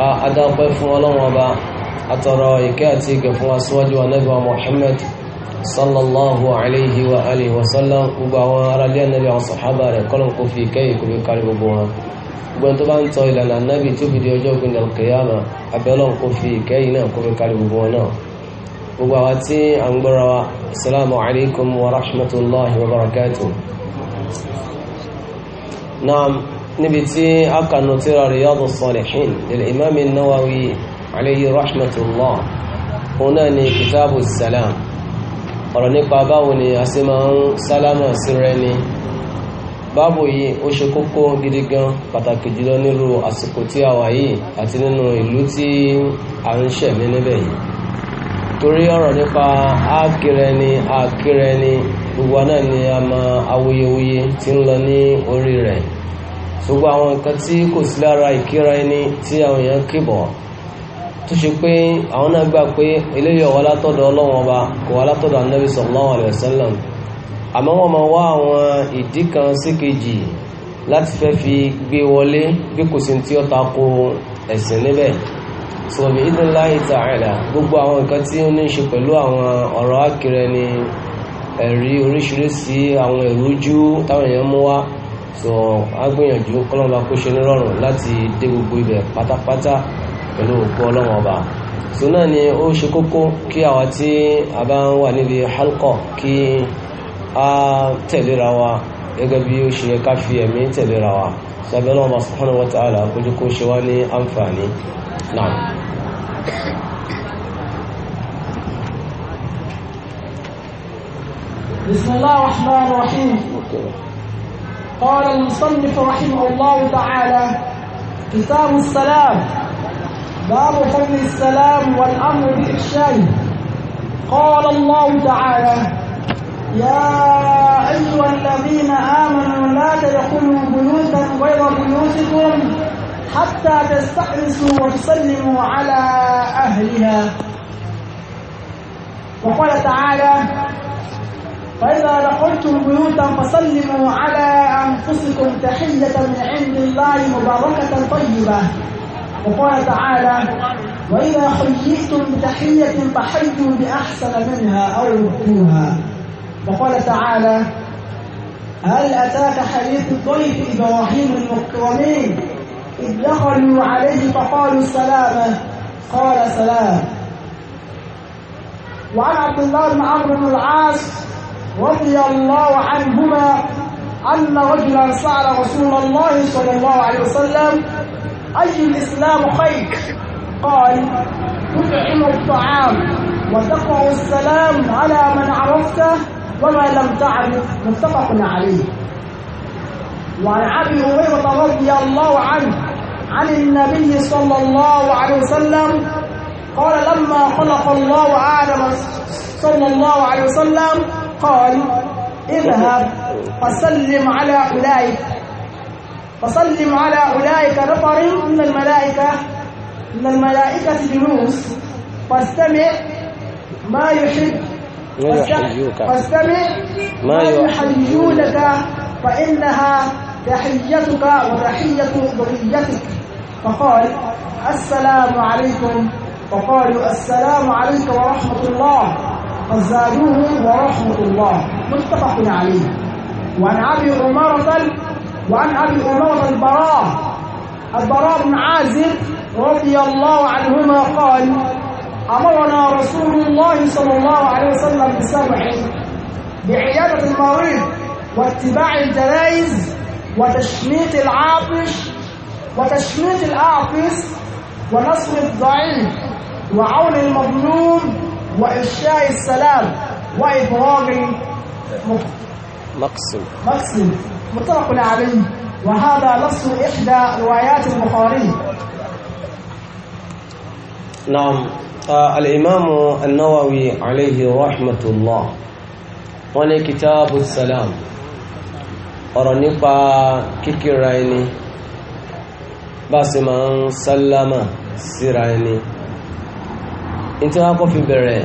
adápẹ́ fún ọlọ́run ọba àtọ̀rọ̀ ìkẹ́ àti ìgẹ̀ fún aṣíwájú anábíwa Muhammad sallallahu alayhi wa alihi wa sallam gbogbo àwọn aráalé anábí àwọn sàhábà rẹ̀ kọ́lọ̀n kò fi ìkẹ́ ìkòwé kárí gbogbo wọn gbogbo tó bá ń tọ ìlànà anábì tó fi ọjọ́ ògùn níbi tí a kànú tíra Riyadu Salihin lil Imam Nawawi alayhi rahmatullah òun náà ni kitabu salam ọ̀rọ̀ nípa báwo ni a ṣe máa ń sálámà sí rẹ ni báàbò yìí ó ṣe kókó gidi gan pàtàkì jùlọ nírú àsìkò tí a wà yìí àti nínú ìlú tí a ń ṣẹ̀mí níbẹ̀ yìí torí ọ̀rọ̀ nípa ákìrẹ ni ákìrẹ ni gbogbo náà ni a máa awuyewuye tí ń lọ ní orí rẹ̀ gbogbo àwọn nǹkan tí kò sí lára ìkíra ẹni tí àwọn èèyàn kìbọ̀ tó ṣe pé àwọn náà gbà pé eléyìí ọ̀wá látọ̀dọ̀ ọlọ́wọ́n ọba kò wá látọ̀dọ̀ anábì sallallahu alaihi wasallam àmọ́ wọ́n máa wá àwọn ìdí kan sí kejì láti fẹ́ fi gbé wọlé bí kò sí tí ó ta ko ẹ̀sìn níbẹ̀ sọ̀bí idinláyì ta'ala gbogbo àwọn nǹkan tí ó ní ṣe pẹ̀lú àwọn ọ̀rọ̀ àkìrẹ ni ẹ̀rí oríṣiríṣi àwọn ìrújú táwọn èèyàn mú wá so a gbìyànjú kọ́lọ́mọba kó ṣe nírọ̀rùn láti dé gbogbo ibẹ̀ pátápátá pẹ̀lú òkú ọlọ́run ọba so náà ni ó ṣe kókó kí àwa tí a bá ń wà níbi halqa kí a tẹ̀léra wa gẹ́gẹ́ bí ó ṣe yẹ ká fi ẹ̀mí tẹ̀léra wa sábẹ́ ọlọ́run ọba subhanahu wa ta'ala kójú kó ṣe wá ní àǹfààní náà. بسم الله الرحمن الرحيم okay. قال المصنف رحمه الله تعالى كتاب السلام باب فضل السلام والامر باحسانه قال الله تعالى يا ايها الذين امنوا لا تدخلوا بيوتا غير بيوتكم حتى تستأنسوا وتسلموا على اهلها وقال تعالى فإذا دخلتم بيوتا فسلموا على أنفسكم تحية من عند الله مباركة طيبة وقال تعالى وإذا حييتم بتحية فحيوا بأحسن منها أو ردوها وقال تعالى هل أتاك حديث الضيف إبراهيم المكرمين إذ دخلوا عليه فقالوا سلامة قال سلام وعن عبد الله بن عمرو بن العاص رضي الله عنهما أن رجلا سأل رسول الله صلى الله عليه وسلم أي الإسلام خير؟ قال تطعم الطعام وتقرأ السلام على من عرفته وما لم تعرف متفق عليه وعن أبي هريرة رضي الله عنه عن النبي صلى الله عليه وسلم قال لما خلق الله آدم صلى الله عليه وسلم قال اذهب فسلم على أولئك فسلم على أولئك نفر من الملائكة من الملائكة جلوس فاستمع ما يحب فاستمع ما يحيونك فإنها تحيتك وتحية بقيتك فقال السلام عليكم وقالوا السلام عليك ورحمة الله فزادوه ورحمة الله متفق عليه وعن أبي أمارة وعن أبي أمارة البراء البراء بن عازب رضي الله عنهما قال أمرنا رسول الله صلى الله عليه وسلم بسبع بعيادة المريض واتباع الجنائز وتشميت العاطش وتشميت الأعطس ونصر الضعيف وعون المظلوم وإفشاء السلام وإبرام مقسم مقسم متفق عليه وهذا نص إحدى روايات البخاري نعم الإمام النووي عليه رحمة الله وني كتاب السلام أرنقى كيكي رايني باسمان سلم سيرايني ntí wọn kọ́ fi bẹ̀rẹ̀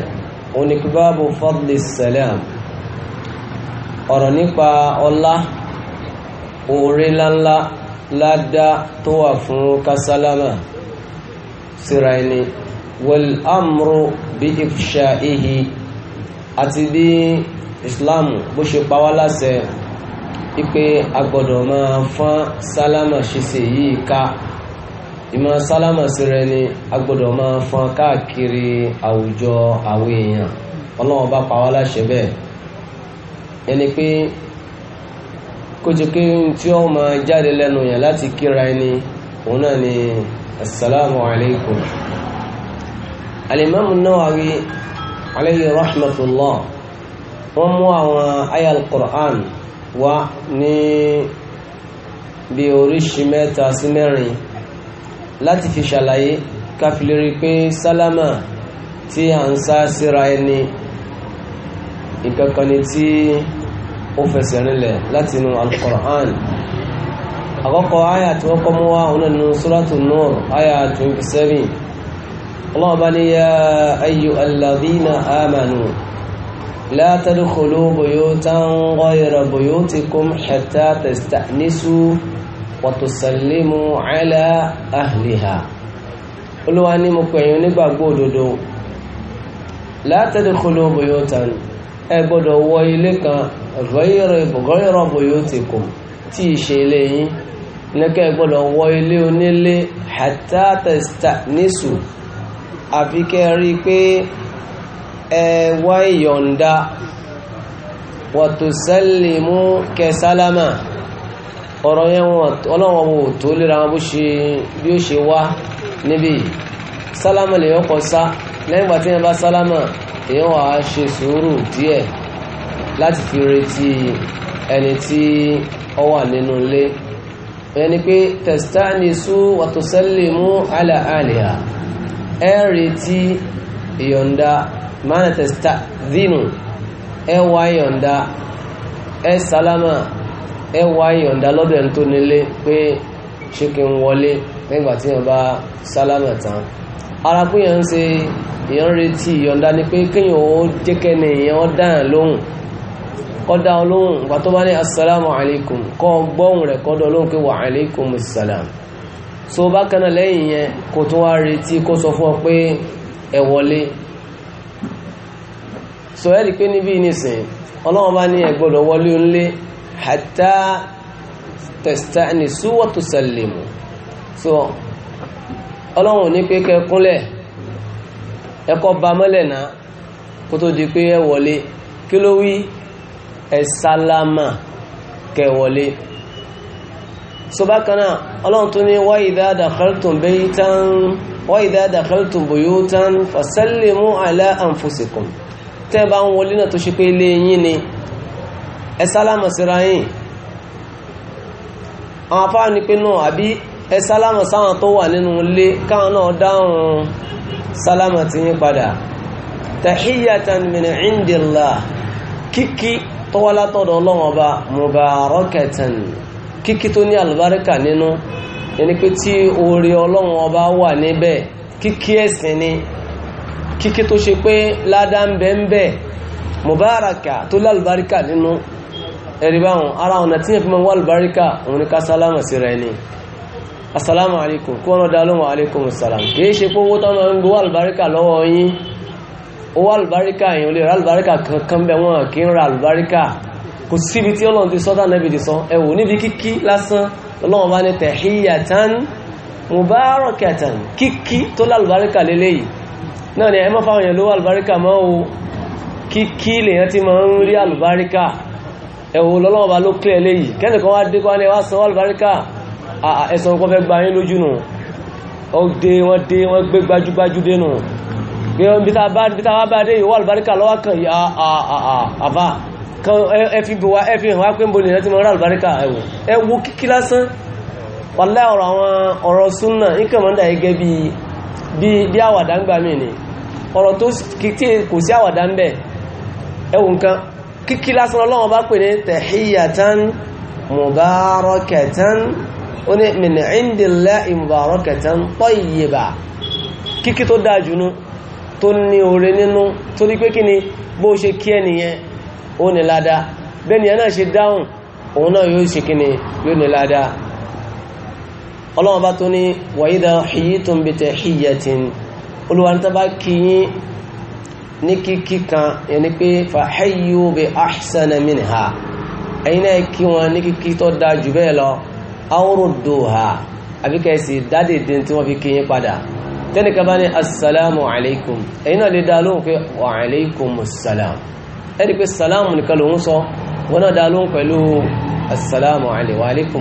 òun ni báàbù fadli salam ọ̀rọ̀ nípa ọlá oore ńláńlá ládá tó wà fún kásálámà síra ẹni wal amru bí ifṣà ihi àti bí islam bó ṣe pa láṣẹ ipe agbọ́dọ̀ máa fọ́n sálámà ṣiṣẹ́ yìí ká ìmọ̀ sálámà sí rẹ ni a gbọ́dọ̀ máa fọn káàkiri àwùjọ àwọn èèyàn ọlọ́wọ́n bá pa wá láṣẹ bẹ́ẹ̀ ẹni pé kójúké tí ó máa jáde lẹ́nu yẹn láti kíra ẹni òun náà ni assalamu alaikum alimamu Nawawi alayhi rahmatullah wọ́n mú àwọn aya quran wá ní bí oríṣi mẹ́ta sí mẹ́rin láti fi ṣàlàyé káfílérí pé sálámà tí a ń sá síra ẹni nǹkan kan ni tí ó fẹsẹ̀ rinlẹ̀ láti inú al-Qur'an àkọ́kọ́ àyà tí wọ́n kọ́ mú wá òun nínú suratu Nur àyà 27 ọlọ́run bá ní yá ayyuhal ladhina amanu la tadkhulu buyutan ghayra buyutikum hatta tasta'nisu wàtòsàlémù ala ahliha olúwa ní mo pè yín onígbàgbọ́ òdodo la tadkhulu buyutan ẹ gbọ́dọ̀ wọ ilé kan ghayra buyutikum tí ì ṣe ilé yín níkẹ́ gbọ́dọ̀ wọ ilé onílé hatta tastanisu àfi kẹ́ pé ẹ wá ìyọ̀ǹda wàtòsàlémù kẹsálámà ọ̀rọ̀ yẹn wọn ọlọ́wọ́ wò tó lera wọn bó ṣe bí ó ṣe wá níbí sálámà lèyàn kọ sá lẹ́yìn ìgbà tí yẹn bá sálámà èyàn wà á ṣe sùúrù díẹ̀ láti fi retí ẹni tí ó wà nínú ilé ìyẹn ni pé tastanisu wa tusallimu ala aliha ẹ retí ìyọ̀ǹda mana testadinu ẹ wá ìyọ̀ǹda ẹ sálámà. ẹ wá ìyọ̀ǹda lọ́dọ̀ ẹni tó nílé pé ṣé kí n wọlé nígbà tí yẹn bá sálámà tán ara pé ń ṣe èèyàn retí ìyọ̀ǹda ni pé kéèyàn ó jẹ́kẹ́ni èèyàn dáhàn lóhùn kọ́dá olóhùn tó bá ní kọ́ so bákan náà lẹ́yìn yẹn kò tún wá retí kó sọ ọ pé so rí pé níbí nísìn bá ní hatta tasta'nisu wa tusallimu so ọlọ́run ní pé kẹkúnlẹ̀ ẹkọ ba mọ́lẹ̀ náà kó tó di pé ẹ wọlé kí ló wí ẹ sálámà kẹ wọlé sobákanáà ọlọ́run tó ní wa idha dakhaltum baytan wa idha dakhaltum buyutan fasallimu ala anfusikum tẹ́ bá ń wọlé náà tó ṣe pé ilé yín ni ẹ sálámà síra yìí àwọn afáà ní pé náà àbí ẹ sálámà sáwọn tó wà nínú ilé káwọn náà dáhùn sálámà ti yín padà tahiyatan min indillah kíkí tó wá látọ̀dọ̀ ọlọ́run ọba mubarakatan kíkí tó ní àlùbáríkà nínú ẹni pé tí oore ọlọ́run ọba wà níbẹ̀ kíkí ẹ̀sìn ni kíkí tó ṣe pé ládàá ń bẹ ń bẹ mubaraka tó lálùbáríkà nínú ẹ̀rí báwọn ara ọ̀nà tí yẹn fi máa wà lùbáríkà òun ni ká sálámà sí rẹ̀ ni asalaamu alaykum kí wọ́n lọ dá lóhùn salam kìí ṣe pé owó táwọn ń gbé wà lùbáríkà lọ́wọ́ yín owó àlùbáríkà yìí ò lè ra àlùbáríkà kankan bẹ́ẹ̀ wọ́n kì í ra àlùbáríkà kò síbi tí ọlọ́run ti sọ dánàbì ti sọ ẹ̀wò níbi kíkí lásán ọlọ́run bá ní tahiyatan mubarakatan kíkí tó lálùbáríkà lélẹ́yìí náà ni ẹ má fáwọn èèyàn lówó àlùbáríkà máa wo kíkí lèèyàn ti máa ń rí àlùbáríkà ẹ̀wọ̀ lọ́lọ́wọ́ bá ló kílẹ̀ léyìí kẹ́nìkan wá dé kọ́ni wá sanwó àlùbáríkà ẹ̀sán kọ́ fẹ́ gba yín lójú nù ó dé wọ́n dé wọ́n gbé gbajúgbajú dé nù pé wọ́n bíta wá bá dé ìwọ́ àlùbáríkà lọ́wọ́ kan yìí àbá kan ẹ fi bò wá ẹ fi hàn wá pé ń bo nìyẹn ti mọ rà àlùbáríkà ẹ̀wọ̀ ẹ wo kíkí lásán wàlá ọ̀rọ̀ àwọn ọ̀rọ̀ súnà kò sí àwàdà ń bẹ̀ ẹ̀wọ̀ nǹkan kíkí lásán ọlọ́wọ́n bá pè ní tẹ̀híyàtán mubarakatan ó ní min indillahi mubarakatan tayyiba kíkí tó dáa jùnú tó ní oore nínú tó ní pé kí ni bó ṣe kí ẹnìyẹn ó ní ládá bẹ́ni ẹ̀nà ṣe dáhùn òun náà yóò ṣe kí ni yóò ní ládá ọlọ́wọ́n bá tó ní wa idha huyitum bi tahiyyatin olùwàntàbá kí yín ní kíkí kan yẹni pé fàáyù bí ahsana minha ẹ̀yin náà kí wọn ní kíkí tó da jù bẹ́ẹ̀ lọ awrudduha àbí kẹ́sì dádìdì tí wọ́n fi kí yín padà tẹ́nìkan bá ní assalamu alaikum ẹ̀yin náà lè dá lóhùn pé wa alaikum assalam ẹ̀rí pé salamu nìkan lòun sọ wọn náà dá lóhùn pẹ̀lú assalamu alaikum wa alaikum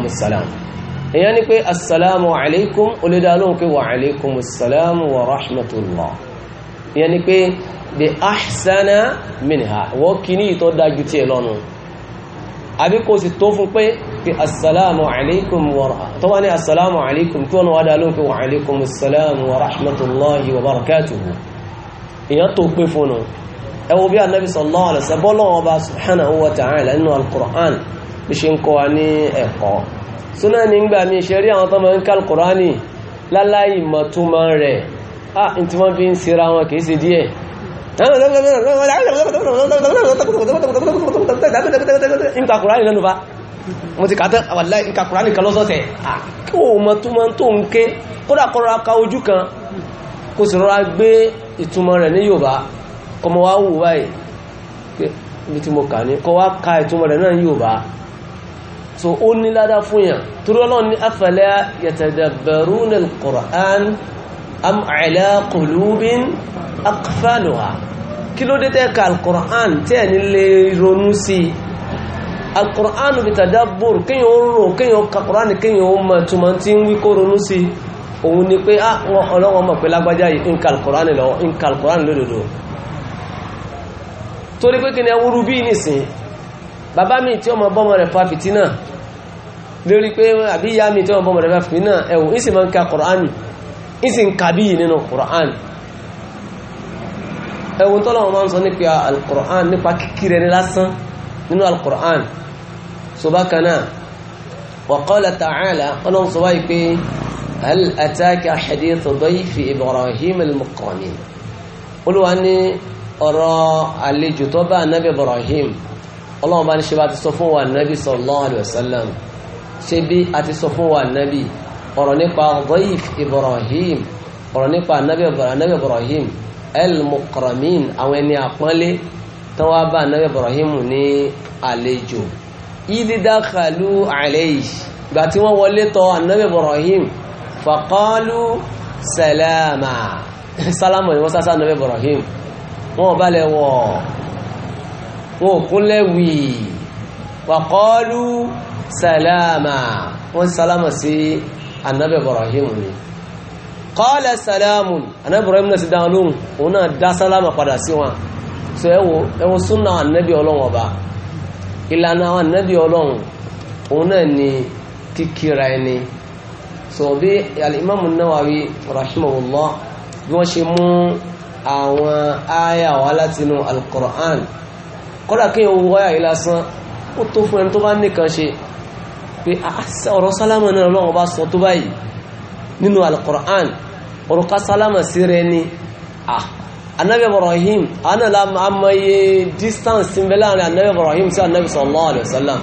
ni pé assalamu alaikum olè dá lóhùn pé wa alaikum assalamu wa rahmatullah ìyẹn ni pé the ahsana minha wọ́n kì ní ìtọ́ dájú tí ẹ lọ́nu àbí kò sì tó fún pé pé assalamu alaikum tó wá ní assalamu alaikum tí wọ́n wá dá lóhùn pé wa alaikum assalamu wa rahmatullahi wa barakatuhu ìyẹn tó pé fún un ẹwọ bí anabi sallallahu alaihi wasallam ṣe ń kọ́ wa ní ẹ̀kọ́ súnáà nígbà mi ṣe rí àwọn tó máa ń kal Qur'ani láláì mọ̀túnmọ̀ rẹ̀ ah n tí wọ́n fi ń sera wọn kìí ṣe díẹ̀ nǹkan kùránì lẹ́nu bá mo ti kàtẹ́ àwàlá nǹkan kùránì kan lọ́sọ̀ọ̀sẹ̀ kí o mọ̀ tó mọ̀ tó ń ké kódà kọ́ra ka ojú kan kó sì rọra gbé ìtumọ̀ rẹ̀ ní Yorùbá kọmọ wá wù báyìí bí tí mo kà ní kọ wá ka ìtumọ̀ rẹ̀ náà ní Yorùbá so ó ní ládá fún yàn torí Ọlọ́run ní afala yatadabbaruna al am ala qulubin aqfaluha kí ló dé tẹ́ ka alukur'an tẹ́ ní lè ronú sí i alukur'an bi tadabbur kéèyàn ó rò kéèyàn ka kur'an kéèyàn ó mọ tuma tí ń wí kó ronú sí i òun ni pé ah wọn ọlọ́wọ́ mọ̀ pé lágbájá yìí ń ka alukur'an lọ ń ka alukur'an lódodo torí pé kíni awúrú bíi nìsín bàbá mi tí ọmọ bọ́mọ rẹ̀ fa fìtínà lórí pé àbí ìyá mi tí ọmọ bọ́mọ rẹ̀ fa fìtínà ẹ̀wò ń sì máa ka alukur'an yìí ìsìn kàbí nínú Qur'an ẹwùn tọ́lọ̀ wọn máa ń sọ nípa al-Qur'an nípa kíkiri ẹni lásán nínú al-Qur'an so bákanáà wa qala ta'ala ọlọ́run sọ wáyé pé hal ataka hadithu dayfi Ibrahim al-mukramin olúwa ní ọ̀rọ̀ àlejò tó bá anábì Ibrahim ọlọ́run bá ní ṣe bá ti sọ fún wa anábì sallallahu alaihi wasallam ṣe bí a ti sọ fún wa anábì ọ̀rọ̀ nípa dhayf ibrahim ọ̀rọ̀ nípa anabi ibrahim al-mukramin àwọn ẹni àpọ́nlé tán wá bá anabi ibrahim ní àlejò ididakalu alayhi ìgbà tí wọ́n wọlé tọ̀ anabi ibrahim faqalu salama salama ni wọ́n sásá anabi ibrahim wọ́n bá lẹ̀ wọ̀ wọ́n kúnlẹ̀ wì waqalu salama wọ́n salama sí anabi ibrahim ni qala salamun anabi ibrahim náà sì dáhùn lóhùn òun náà dá sálámà padà sí wọn so ẹwọ ẹwọ súnà anabi ọlọ́run ọba ìlànà àwọn anabi ọlọ́run òun náà ni kíkíra ẹni so bí alimami nawawi rahimahullah bí wọ́n ṣe mú àwọn àyà wá látinú alqur'an kódà kí n wọ́yà yìí lásán ó tó fún ẹni tó bá nìkan pé ah, ọ̀rọ̀ sálámà náà lọ́wọ́ bá sọ tó báyìí nínú al-Qur'an ọ̀rọ̀ ká sálámà sí rẹ ni anabi ah, Ibrahim ana la amaye distance ń bẹ láàrin anabi Ibrahim sí anabi sallallahu alaihi wasallam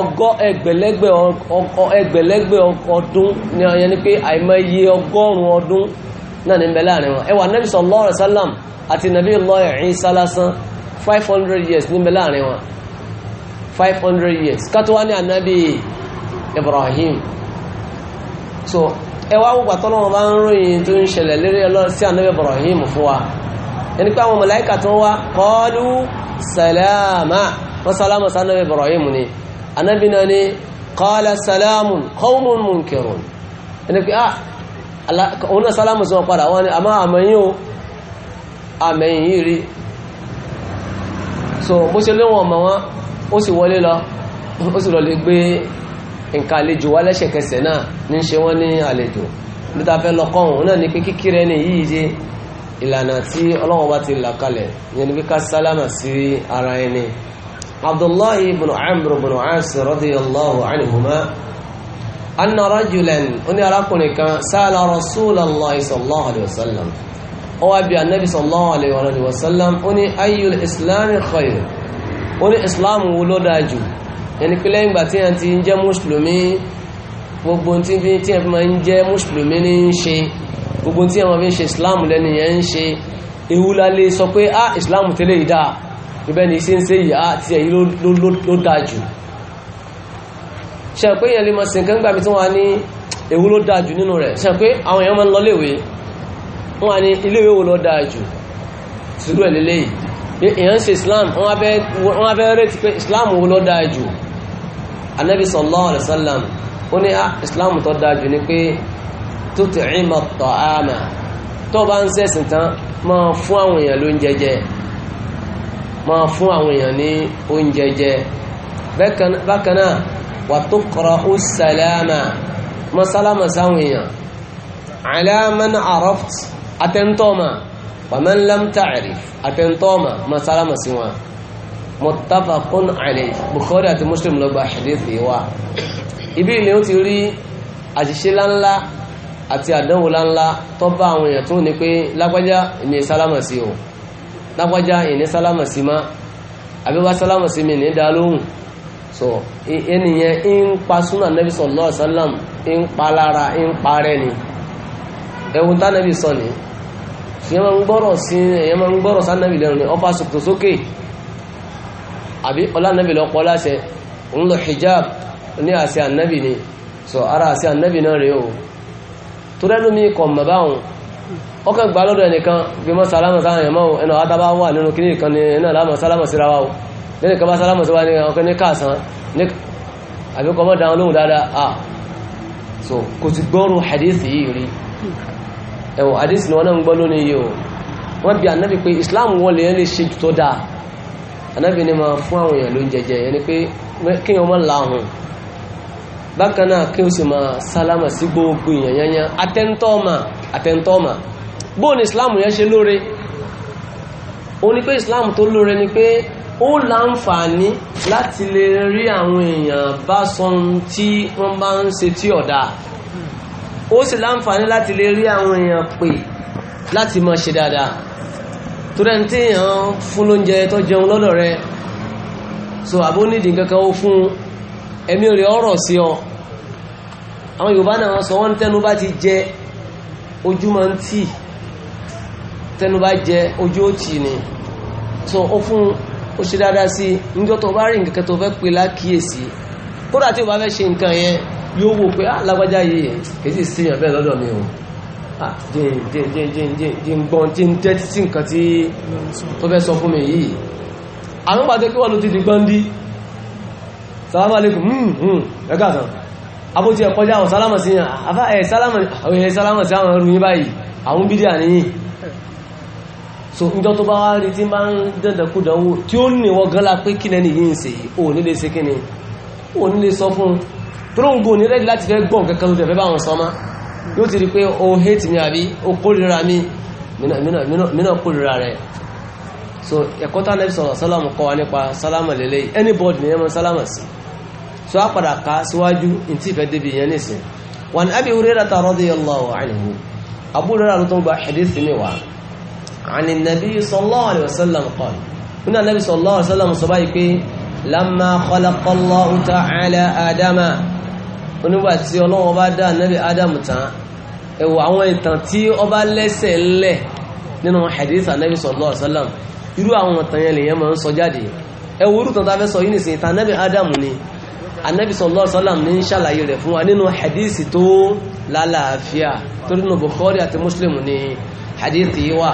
ọgọ́ ẹgbẹ̀lẹ́gbẹ̀ ẹgbẹ̀lẹ́gbẹ̀ ọdún ni ọ̀yẹn ni pé àìmọye ọgọ́rùn ọdún náà ní ń bẹ láàrin wọn ẹwà anabi sallallahu alaihi wasallam àti nabi Allah Isa lásán 500 years ní ń bẹ wọn five hundred years kátó anabi Ibrahim so ẹ wá wọ́n gbàtọ́ lọ́wọ́ bá ń ròyìn tó ń ṣẹlẹ̀ lérí sí anabi Ibrahim fún wa ẹni pé àwọn mọ̀láìkà tó wá kọlu salama wọ́n salama sí anabi Ibrahim ni anabi náà ni kọ́lá salamun qawmun munkirun ẹni pé ah òun náà salamu sí wọn padà wọ́n ni àmọ́ àmọ́yìn o àmẹ́yìn yìí rí so bó ṣe léwọ̀n ọmọ wọn ó sì wọlé lọ ó sì lọ lè gbé nǹkan àlejò wá lẹ́sẹ̀kẹsẹ̀ náà ní ṣe wọ́n ní àlejò níta fẹ́ lọ kọ́hùn náà ni pé kíkírẹ́ ni yìí ṣe ìlànà tí ọlọ́wọ́n bá ti là kalẹ̀ yẹn ni pé ká sálámà sí ara ẹni abdullahi ibn amr ibn as radiyallahu anhuma anna rajulan oní arákùnrin kan sáàlà rasulallah sallallahu alayhi wa sallam ó wá anabi sallallahu alayhi wa sallam ó ayyul islam khayr ó ní islam wo ló dáa jù ẹni pé lẹ́yìn ìgbà tí yẹn ti ń jẹ́ mùsùlùmí gbogbo tí yẹn fi máa ń jẹ́ mùsùlùmí ní ń ṣe gbogbo tí yẹn máa fi ń ṣe islam lẹ́nu yẹn ń ṣe ewu lálé sọ pé ah islam tẹ́lẹ̀ yìí dáa ibẹ̀ ni ṣe ń ṣe yìí ah tiẹ̀ yìí ló dáa jù ṣe pé yẹn lè máa sìnkán gbàmí tí wọ́n á ní èwo ló dáa nínú rẹ̀ ṣe pé àwọn èèyàn máa ń lọ léwe wọ́n ní iléèwé wo ló dáa jù ẹ̀ lélẹ́yìí èèyàn ṣe islam wọ́n abẹ́ rẹ̀ ti pé islam wo ló dáa jù anabi sallallahu alayhi wa sallam ó ní ah, islam tó dáa jù ni pé tut'ima at-ta'ama tó bá ń sẹ́sìn tán máa fún àwọn èèyàn lóúnjẹ jẹ máa fún àwọn èèyàn ní oúnjẹ jẹ bákan náà wa tuqra'u as-salama mọ́ sálámà sáwọn èèyàn ala man arafta àtẹ́ntọ́mà wàmán lamtari àfẹ́ntọ́mà masalama sí wọn muttafaqun alayhi bukhari àti muslim ló gba hadith wa ibi ilé ó ti rí àṣìṣe láńlá àti àdánwò láńlá tó bá àwọn èèyàn tó ní pé lágbájá ìní sálámà sí o lágbájá ìní sálámà sí má àbíwá sálámà sí mi ní dá lóhùn so ènìyàn ń pa súnà nàbí sallallahu alaihi wasallam ń pa lára ń parẹ́ ni ẹ̀wùn tá nàbí sọ nìyí èèyàn máa ń gbọ́rọ̀ sí èèyàn máa ń gbọ́rọ̀ sánàbì lẹ́nu ni ọfà sòkòtò sókè àbí ọlànàbì lọ pọ̀ láṣẹ òun lọ hijab ní àṣẹ ànàbì ni sọ ara àṣẹ ànàbì náà rèé o tó rẹ́ lómi kọ̀ mọ̀ báwọn ọkàn gbà lọ́dọ̀ ẹnìkan bí mọ́ sálámà sáwọn èèyàn máa ẹnà àtàbà wà nínú kí nìkan ni ẹnà àlámà sálámà síra wa o lẹ́nu kan bá sálámà síra wa ni ọkàn ní káàsán ní àbíkọ́ mọ́ dáhùn lóhùn dáadáa ah so kò ti gbọ́rù hadith ẹ̀wọ̀ àdísì ni wọ́n náà ń gbọ́ lónìí yìí o wọ́n bí anábì pé islam wọ́n lè yẹn lè ṣe jù tó dáa anábì ni máa fún àwọn èèyàn ló ń jẹjẹ ẹni pé kí wọ́n máa la ahùn bákan náà kí wọ́n sì máa sálámà sí gbogbo èèyàn yányá atẹ́ntọ́ọ̀mà atẹ́ntọ́ọ̀mà bóun islam yẹn ṣe lóore ó ní pé islam tó lóore ni pé ó láǹfààní láti lè rí àwọn èèyàn bá sọ ohun tí wọ́n bá ń ṣe tí ọ̀dà ó sì láǹfààní láti lè rí àwọn èèyàn pè láti mọ̀ ṣe dáadáa tó rẹ̀ tí èèyàn fún lóúnjẹ tó jẹun lọ́dọ̀ rẹ so àbó nídìí kankan ó fún ẹ̀mí rẹ̀ ọ̀rọ̀ sí ọ àwọn Yorùbá náà wọ́n sọ wọ́n tẹnu bá ti jẹ ojú máa ń tì tẹnu bá jẹ ojú ó tì ni so ó fún ó ṣe dáadáa sí i níjọ́ tó bá rí nǹkan tó fẹ́ pè lákìyèsí kódà tí o bá fẹ́ ṣe nǹkan yẹn yóò wò pé alágbájá ah, yìí kìí sí èèyàn bẹ́ẹ̀ lọ́dọ̀ mi o ah, jìngbọ́n tí ń tẹ́tí sí nǹkan tí tó fẹ́ sọ fún mi yìí àwọn pàtẹ́ kí wọ́n ló ti di gbọ́ndí salamu alaikum hmm, hmm, ẹgbà tán abóti ẹ̀ kọjá àwọn salama sí yàn afá ẹ̀ salama sí àwọn ẹrù yín báyìí àwọn bídí àníyìn so njọ́ tó bá rí tí bá ń dẹ̀dẹ̀kúdánwò tí ó níwọ̀ gánlá pé kí lẹ́ni yìí ń ṣe ò nílé ṣe kí ni ò nílé sọ fún un tróńgò ní rẹ́dì láti fẹ́ gbọ́n kankan tó tẹ̀fẹ́ bá wọn sọmá yóò ti rí pé o hate mi àbí o kórìíra mi mìíràn kórìíra rẹ̀ so ẹ̀kọ́ tá nẹ́bí sọ̀rọ̀ sálámù kọ́ wa nípa sálámù lélẹ̀ anybody ni ẹ mọ sálámù sí so a padà ká síwájú ní tí ìfẹ́ débi yẹn nìsín wọn Abi Hurairata radiyallahu anhu Abu Hurairah ló tó ń gba hadith mi wá àní nàbí sallallahu alaihi wasallam qala nínú sallallahu alaihi wasallam sọ lámà kọlọkọlọ ọ̀tá àlẹ́ àdámà onígbà tí ọlọ́wọ́ bá dá nábì ádámù tán ẹ̀wọ̀ àwọn ìtàn tí ó bá lẹ́sẹ̀ lẹ̀ nínú hadith anábì sallallahu alaihi wasallam irú àwọn ìtàn yẹn lèyẹn máa ń sọ jáde ẹ̀wọ̀ orú tàn tá fẹ́ sọ yìí nìsín ìtàn nábì ádámù ni anábì sallallahu alaihi wasallam ní ń ṣàlàyé rẹ̀ fún wa nínú hadith tó lálàáfíà torí nù Bukhari àti Muslim ni hadith yìí wà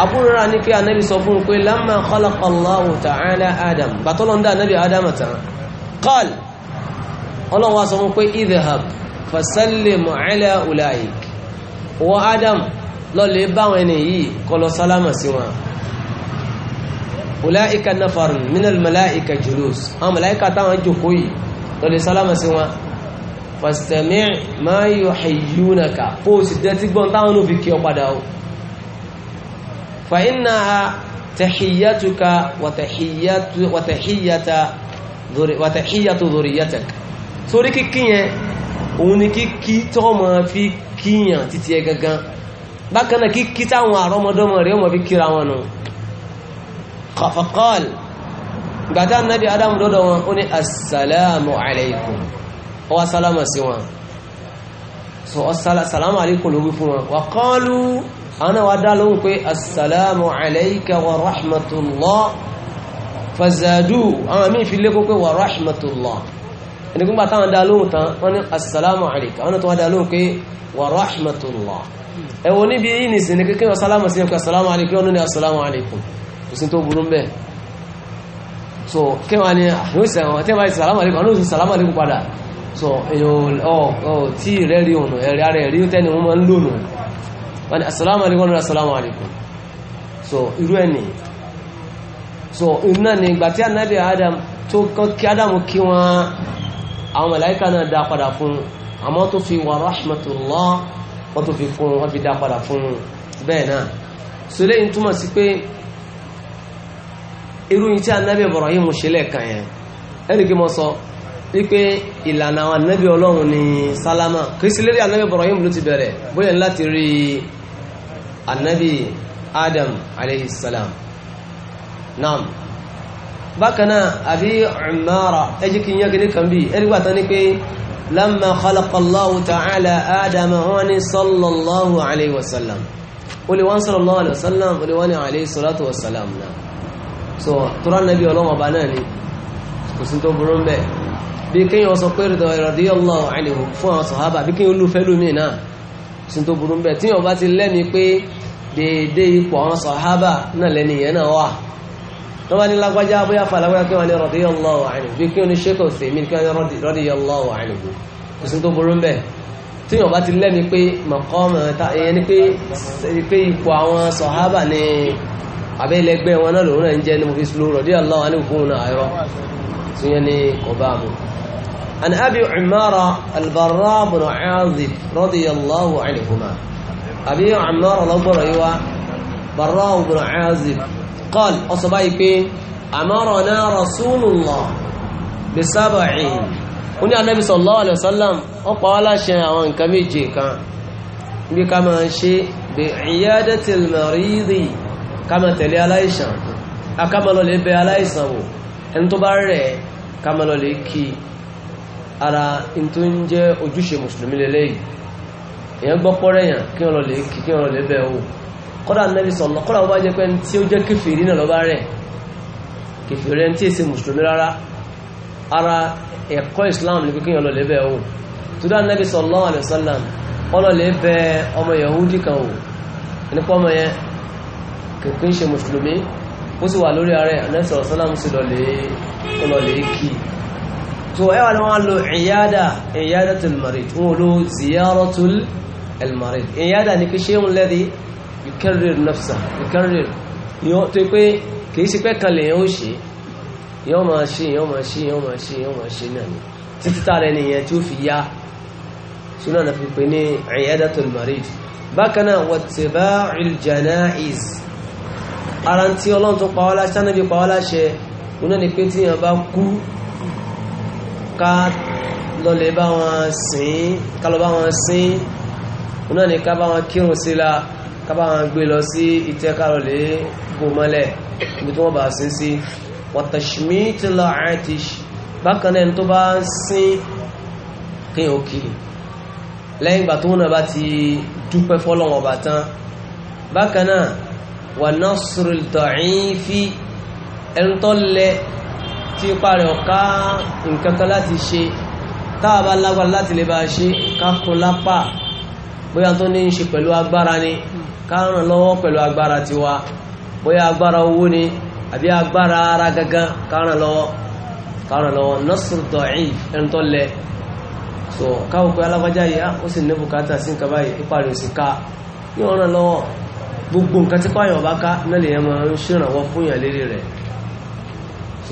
àbúrúra ní kí anábì sọ fún un pé lámà khalaqallahu ta'ala adam bàtọ́lọ́ ń dá anábì adam tán qal ọlọ́run wá sọ fún pé idhab fasallim ala ulaik wọ adam lọ́lẹ̀ báwọn ẹni yìí kọlọ sálámà sí wọn ulaika nafarun minal malaika julus àwọn malaika táwọn jòkó yìí lọ́lẹ̀ sálámà sí wọn fastami' ma yuhayyunaka kó o dẹ́tí gbọ́n táwọn ò fi kí ọ padà o. فإنها تحيتك وتحية وتحية وتحية ذريتك sórí kíkí yẹn òun ni kíkí tó ma fi kíyàn títí ẹ gangan bákan náà kíkí táwọn àrọmọdọ́mọ rẹ̀ ọmọ fi kíra wọn nù kọfàkọ́ọ̀lù gbàtà nàbí adamu dọ́dọ̀ wọn ó ní assalamu alaikum ó wá sálámà sí wọn so assalamu alaikum ló wí fún wọn wà kọ́ọ̀lù àwọn náà wá dá lóhùn pé assalamu alayka wa rahmatullah fazadu àwọn míì fi lékún pé wa rahmatullah ẹni kúgbà táwọn dá lóhùn tán wọ́n ní assalamu alayka àwọn tó wá dá lóhùn pé wa rahmatullah ẹ̀wọ̀n níbi yìí ní ìsìn ní kékeré assalamu sí ẹ̀kọ́ assalamu alaykum wọ́n ní assalamu alaykum kò sí tó burú bẹ́ẹ̀ so kí wọ́n ní ah, àwọn ìsẹ̀wọ̀n tí wọ́n ti assalamu alaykum àwọn ìsìn assalamu alaykum padà so èèyàn ọ̀ tí ìrẹ́rí ọ̀nà ẹ̀rí ara ẹ̀rí tẹ́ni wọ́n máa ń lónà wọ́n ni assalamu alaikum wọ́n ni assalamu so irú ẹni so iná ni ìgbà tí adam tó kọ́ kí adam kí wọ́n àwọn màláíkà náà dá padà fún àmọ́ tó fi wà rahmatullah wọ́n tó fi fún wọ́n fi dá padà fún bẹ́ẹ̀ náà so lẹ́yìn túmọ̀ sí pé irú yìí tí anábì Ibrahim ṣe lẹ́ẹ̀kan yẹn ẹnì kí mo sọ wípé ìlànà àwọn anábì ọlọ́run ni sálámà kìí sí lérí anábì Ibrahim ló ti bẹ̀rẹ̀ bóyá ńlá ti rí anabi adam alayhi salam naam bákanáà abi umara ẹjí kí n yẹ́ gini kan bí ẹgbà tán ní pé lamma khalaqallahu ta'ala adam wọ́n ni sallallahu alayhi wasallam o lè so tura nabi ọlọ́wọ́ ba náà ni kò sí tó burú bẹ́ẹ̀ bí kí n yọ sọ pé radiyallahu anhu fún àwọn sọ̀hábà bí kí n lù fẹ́ lù mí náà sin tó burú bẹ́ẹ̀ tí yóò bá ti lẹ́ni pé déédéé ipò àwọn sàhábà náà lẹ́ni yẹn náà wà tó bá ní lágbájá bóyá fà lágbájá kí wọ́n ní radiyallahu anhu bí kí wọ́n ní ṣékò sèmi kí wọ́n ní radiyallahu anhu kò sin tó burú bẹ́ẹ̀ tí yóò bá ti lẹ́ni pé maqama ẹni pé ipò àwọn sàhábà ní abẹ́lẹ́gbẹ́ wọn náà lòun náà ń jẹ́ ní mo fi sùlù radiyallahu anhu fún un náà ayọ́ tún yẹn ní kọ̀ọ̀bá mu. عن أبي عمارة البراء بن عازب رضي الله عنهما أبي عمارة الأكبر أيوة براء بن عازب قال أصبعك أمرنا رسول الله بسبع هنا النبي صلى الله عليه وسلم وقال شيئا وان كميجي كان بكما شيء بعيادة المريض كما تلي على أكمل لبي على إسان أنتو باري كما لكي ara in tó ń jẹ́ ojúṣe mùsùlùmí lélẹ́yìí èèyàn gbọ́ pọ́rẹ́ yàn kí wọ́n lọ lè kí kí wọ́n lọ lè bẹ̀ o kọ́dà nẹ́bí sọ̀nà kọ́dà wọ́n bá jẹ́ pé tí ó jẹ́ kẹfìrí náà lọ́ba rẹ̀ kẹfìrí ẹni tí èsì mùsùlùmí rárá ara ẹ̀kọ́ Islam ní kí wọ́n lọ lè bẹ̀ o tùdá nẹ́bí sọ̀nà àlẹ́sọ̀nà wọ́n lọ lè bẹ̀ ọmọ Yahudi kan o nípa ọmọ yẹn kìkì ń ṣe mùsùlùmí ó sì wà lórí ara ẹ̀ anẹ́sọ̀rọ̀ sọ́lá so ẹwà ni wọ́n lo ìyádà ìyádatul marid wọ́n lo ziyaratul marid ìyádà ni kí ṣe ń lẹ́dí yukarrir nafsa yukarrir yóò tó pé kìí sí pẹ́ kan lè yóò ṣe yóò máa ṣe yóò máa ṣe yóò máa ṣe yóò máa ṣe náà ni títí tààrẹ nìyẹn tí ó fi yá suna na fi pe ní ìyádatul marid bákan náà wattiba'il janaiz ara tí ọlọ́run tó pa wá láṣẹ ká lọlẹ̀ bá wọn sìn ká lọ bá wọn sìn òun náà ni ká bá wọn kírun sí la ká bá wọn gbé lọ sí ìtẹ́ ká lọlẹ̀ bò mọ́lẹ̀ ibi tí wọ́n bá sìn sí wàtàṣmí ti lọ àti bákan náà tó bá ń sìn kí o kì lẹ́yìn ìgbà tó náà bá ti dúpẹ́ fọ́lọ́wọ̀n ọba tán bákan náà wà nasrul da'ifi ẹ̀ńtọ́ lẹ́ tí ipa rẹ̀ ọ̀ká nǹkan kan láti ṣe táwa bá lágbára láti lè bá ṣe ká lápá bóyá tó ní ṣe pẹ̀lú agbára ni ká ràn lọ́wọ́ pẹ̀lú agbára tiwa bóyá agbára owó ni àbí agbára ara gangan ká ràn lọ́wọ́ ká ràn lọ́wọ́ nọ́sùrù dọ̀ọ̀ì ẹni tó so káwọ pé alágbájá yìí ah, ó sì ní bùkátà sí nǹkan báyìí ipa rẹ̀ ò sì ká yóò ràn lọ́wọ́ gbogbo nǹkan tí pààyàn bá ká náà lè yẹn máa ń ṣèrànwọ́ fún yàn lérí rẹ̀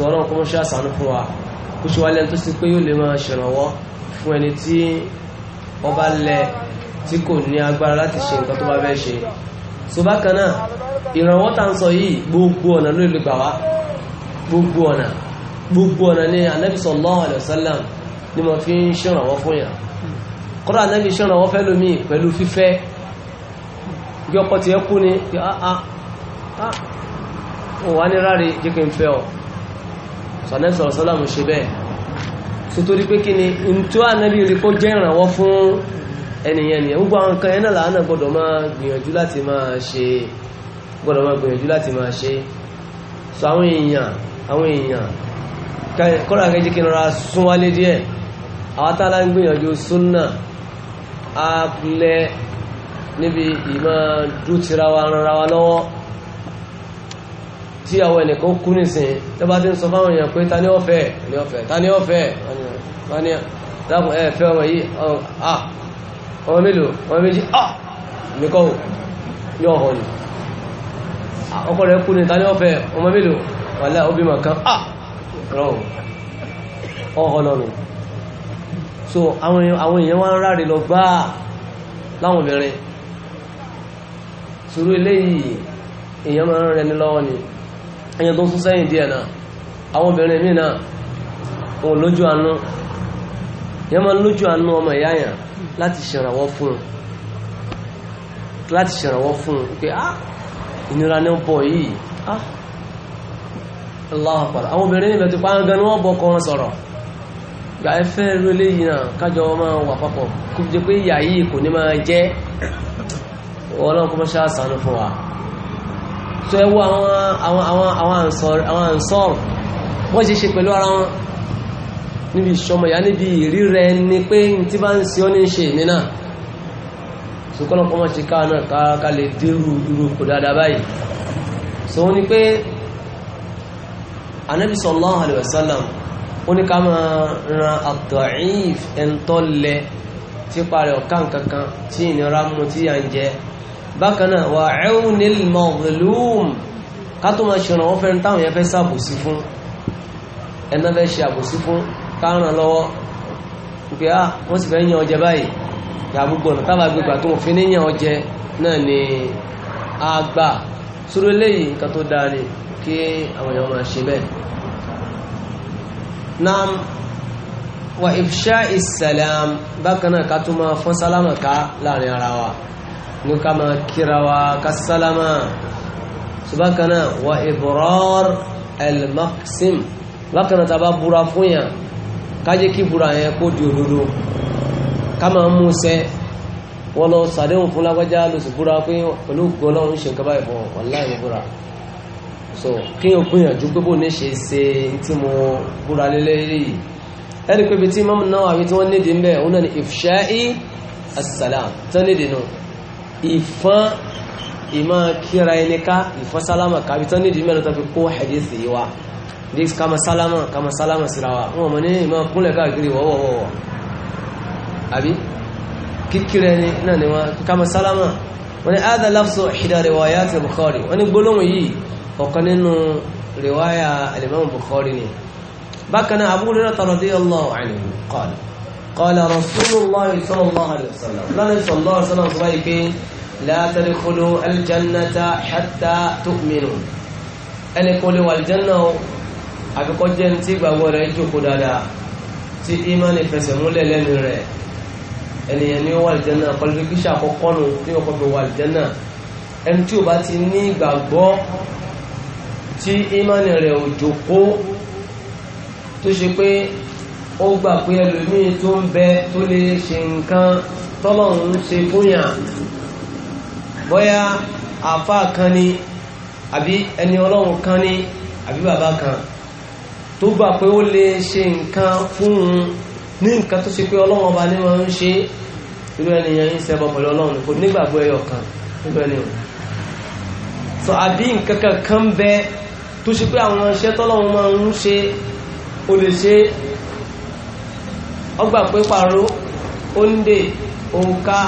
sọ ọlọ́run kó mọ́ ṣe àṣàánú fún wa kó ṣe wálé tó ṣe pé yóò lè máa ṣèrànwọ́ fún ẹni tí wọ́n bá lẹ tí kò ní agbára láti ṣe nǹkan tó bá fẹ́ ṣe so bákan náà ìrànwọ́ tá ń sọ yìí gbogbo ọ̀nà ló lè gbà wá gbogbo ọ̀nà gbogbo ọ̀nà ni anabi sallallahu alaihi ni mo fi ń ṣèrànwọ́ fún yàn kọ́dà anabi ṣèrànwọ́ fẹ́ lómi pẹ̀lú fífẹ́ bí ọkọ̀ tiẹ̀ kú ni ah, ah, ah, wà ní ráre jẹ́ kí n fẹ́ ọ sọ̀nẹ́ sọ̀rọ̀ sọ́lámù ṣe bẹ́ẹ̀ sotori pé kí ni ntú ànábì rí kó jẹ́ ìrànwọ́ fún ẹnìyẹn nìyẹn gbogbo àwọn nǹkan yẹn náà làánà gbọ́dọ̀ máa gbìyànjú láti máa ṣe gbọ́dọ̀ máa gbìyànjú láti máa ṣe so àwọn èèyàn àwọn èèyàn kọ́ra kejì kí n ra sún wálé díẹ̀ àwọn tá a lá gbìyànjú súnà á lẹ níbi ìmọ̀ dútìra wa ràn ra wa lọ́wọ́ tí àwọn ẹnìkan kú nísìn tó bá ti ń sọ fáwọn èèyàn pé ta ní ọ̀fẹ́ ní ọ̀fẹ́ ta ní ọ̀fẹ́ wọ́n ní dáàbò ẹ fẹ́ ọmọ yìí ah, ọmọ mélòó ọmọ méjì nìkan ah, ní ọ̀họ̀ ni ah, ọkọ rẹ̀ kú ní ta ní ọ̀fẹ́ ọmọ mélòó wàlá obì màkán ọ̀họ̀ lọ́nu so àwọn èèyàn wá ń ráre lọ gbáà láwọn obìnrin sùúrù eléyìí èèyàn máa ń rẹni lọ́wọ́ ni ẹ̀yẹn tó ń sún sẹ́yìn díẹ̀ náà àwọn obìnrin míì náà wọn lójú àánú yẹn máa lójú àánú ọmọ ìyá yẹn láti ṣèrànwọ́ fún un láti ṣèrànwọ́ fún un pé á ah, ìnira ní bọ̀ yìí á ah, Allahu Akbar àwọn obìnrin níbẹ̀ tó pa ń wọ́n bọ̀ kọ́ wọn sọ̀rọ̀ gbà náà kájọ wà papọ̀ kó fi jẹ pé ìyá yìí kò ní máa ọlọ́run mọ́ ṣáà fún wa. tó ẹ wo àwọn àwọn àwọn àwọn ànsọ́rù àwọn ànsọ́rù wọ́n ṣe ṣe pẹ̀lú ara wọn níbi ìṣọmọ ìyá níbi ìrí rẹ ni pé tí bá ń ṣe ọ́ ní ṣe ìmì náà ṣùgbọ́n kọ́ wọ́n ṣe káà náà ká lè dérú irú kò dáadáa báyìí so wọ́n ni pé anabi sallallahu alaihi wasallam ó ní ká máa ran ad-da'if ẹ̀ńtọ́ lẹ tí parẹ́ ọ̀ká nǹkan kan tí ìnira mú tí à ń jẹ́ bákanáà wà ẹ́wùnil mọ̀lúùm kátó máa ṣe ìrànwọ́ fẹ́rin táwọn yẹn fẹ́ sàbòsí fún ẹ̀nà fẹ́ ṣe àbòsí fún káràn lọ́wọ́ pé á ah, wọ́n sì fẹ́ yan ọjẹ́ báyìí ìyàgbogbo ọ̀nà tábà gbogbo àtúnwò fi ní yan bákanáà ká tó máa fọ́n sálámà ká láàrin ara wa ní ká máa kíra wa ká sálámà ṣùgbọ́n wa ibrar al-maqsim bákanáà tá a bá búra fún yàn ká jẹ́ kí búra yẹn kó di òdodo ká máa mú sẹ́ wọ́n lọ sàdéhùn fún lágbájá lóṣù búra pé pẹ̀lú báyìí fún wàláhì búra so kí n gbìyànjú pé bó ní ṣe ṣe tí mo búra lélẹ́ yìí ẹni pé ibi tí mọ́mù náà àbí tí wọ́n nídìí ń bẹ̀ òun náà ni ifsha'i as-salam tán nídìí náà ìfán ìmọ̀ kíra ẹni ká ìfán sálámà kàbí tán nídìí mẹ́rin tó fi kó hadithi yìí wa ní kama sálámà kama sálámà síra wa wọn mọ̀ ní ìmọ̀ kúnlẹ̀ káàkiri wọ́wọ́wọ́wọ́ àbí kíkiri ẹni náà ni wọn kama sálámà wọn ni ada lafso ihda riwayat bukhari wọn ni gbólóhùn yìí ọ̀kan nínú riwaya alimami bukhari ni bákan náà abu hurairah radiyallahu anhu qala قال رسول الله صلى الله عليه وسلم لن صلى الله عليه وسلم صبايك لا تدخلوا الجنة حتى تؤمنوا أن يقولوا الجنة أبي قد جنتي بأورا يجوكو دادا تي إيماني فسمولا لنرى ẹni yẹn ni والجنة wà lìjẹ́ náà kọlifíkíṣà àkọ́kọ́ nù tí ó kọ́ fi wà lìjẹ́ náà ẹni tí ó ó gbà pé ẹlòmíì tó ń bẹ tó lè ṣe nǹkan tọ́lọ́run ṣe fúnyà bóyá àfa kan ni àbí ẹni ọlọ́run kan ni àbí bàbá kan tó gbà pé ó lè ṣe nǹkan fún un ní nǹkan tó ṣe pé ọlọ́run ọba ní wọn ń ṣe irú ènìyàn yìí ṣẹbọ pẹ̀lú ọlọ́run kò nígbàgbọ́ ẹyọ kan nínú ènìyàn sọ àbí nǹkan kankan bẹ tó ṣe pé àwọn iṣẹ́ tọ́lọ́run máa ń ṣe ó lè ṣe ọgbà pé pàró oúnjẹ òǹkà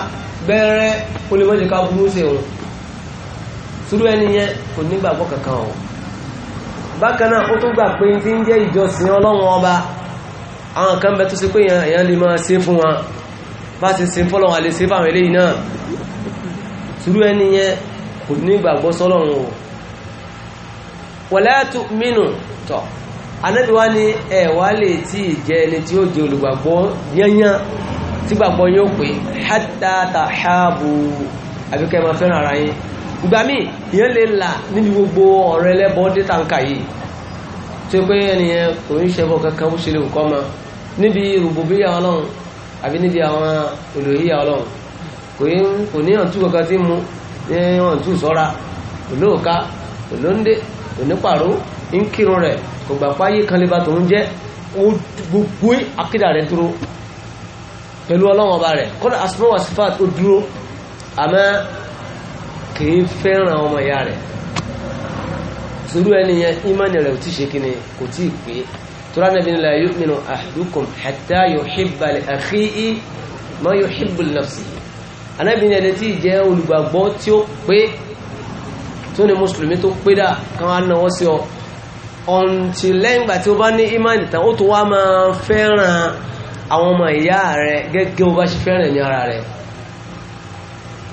bẹ́rẹ́ olùmọ́jẹ̀ká burú sí òun sùúrù ẹni yẹn kò nígbàgbọ́ kankan o bákan náà ó tún gbà pé tí ń jẹ́ ìjọsìn ọlọ́run ọba àwọn kan bẹ tó sí pé èèyàn lè máa ṣe fún wọn bá ti ṣe fọ́lọ́run àlè ṣe fáwọn eléyìí náà sùúrù ẹni yẹn kò nígbàgbọ́ sọ́lọ́run o wala tu'minu tọ̀ Ànábì wa ní ẹ wá lè tí ì jẹ́ ẹni tí ó jẹ́ olùgbàgbọ́ yányán tí gbàgbọ́ yóò pé hatta tahabu àbíkẹ́ máa fẹ́ràn ara yín ìgbà míì ìyẹn lè là níbi gbogbo ọ̀rọ̀ ẹlẹ́bọ dẹ́ta ń kà yìí tí ó pé ẹnìyẹn kò ń ṣẹbọ kankan bó ṣe lè kọ́ ma níbi rùbùbíyà ọlọ́run àbí níbi àwọn olùhíyà ọlọ́run kò ní ọ̀tún kankan tí mu ní ọ̀tún sọ́ra olóòka olóńdè onípàrọ̀ ń kírun rẹ̀ kò gbà fáyé kan lè ba tòun jẹ́ ó gbogbo akéda rẹ̀ dúró pẹ̀lú ọlọ́wọ́n ọba rẹ̀ kọ́lá asma wa sifat ó dúró àmọ́ kìí fẹ́ràn ọmọ ìyá rẹ̀ sùúrù ẹni yẹn ìmánì rẹ̀ ò tí ṣe kíni kò tí ì pé tura nàbí ni la yu'minu ahadukum hatta yuhibba li akhihi ma yuhibbu li nafsihi anábì ní ẹni tí ì jẹ́ olùgbàgbọ́ tí ó pé tó ní mùsùlùmí tó pé dà kán á náwó sí ọ ọ̀ntì lẹ́yìn gbà tí ó bá ní ìmáànì tán ó tó wá máa fẹ́ràn àwọn ọmọ ìyá rẹ̀ gẹ́gẹ́ bó bá ṣe fẹ́ràn ní ara rẹ̀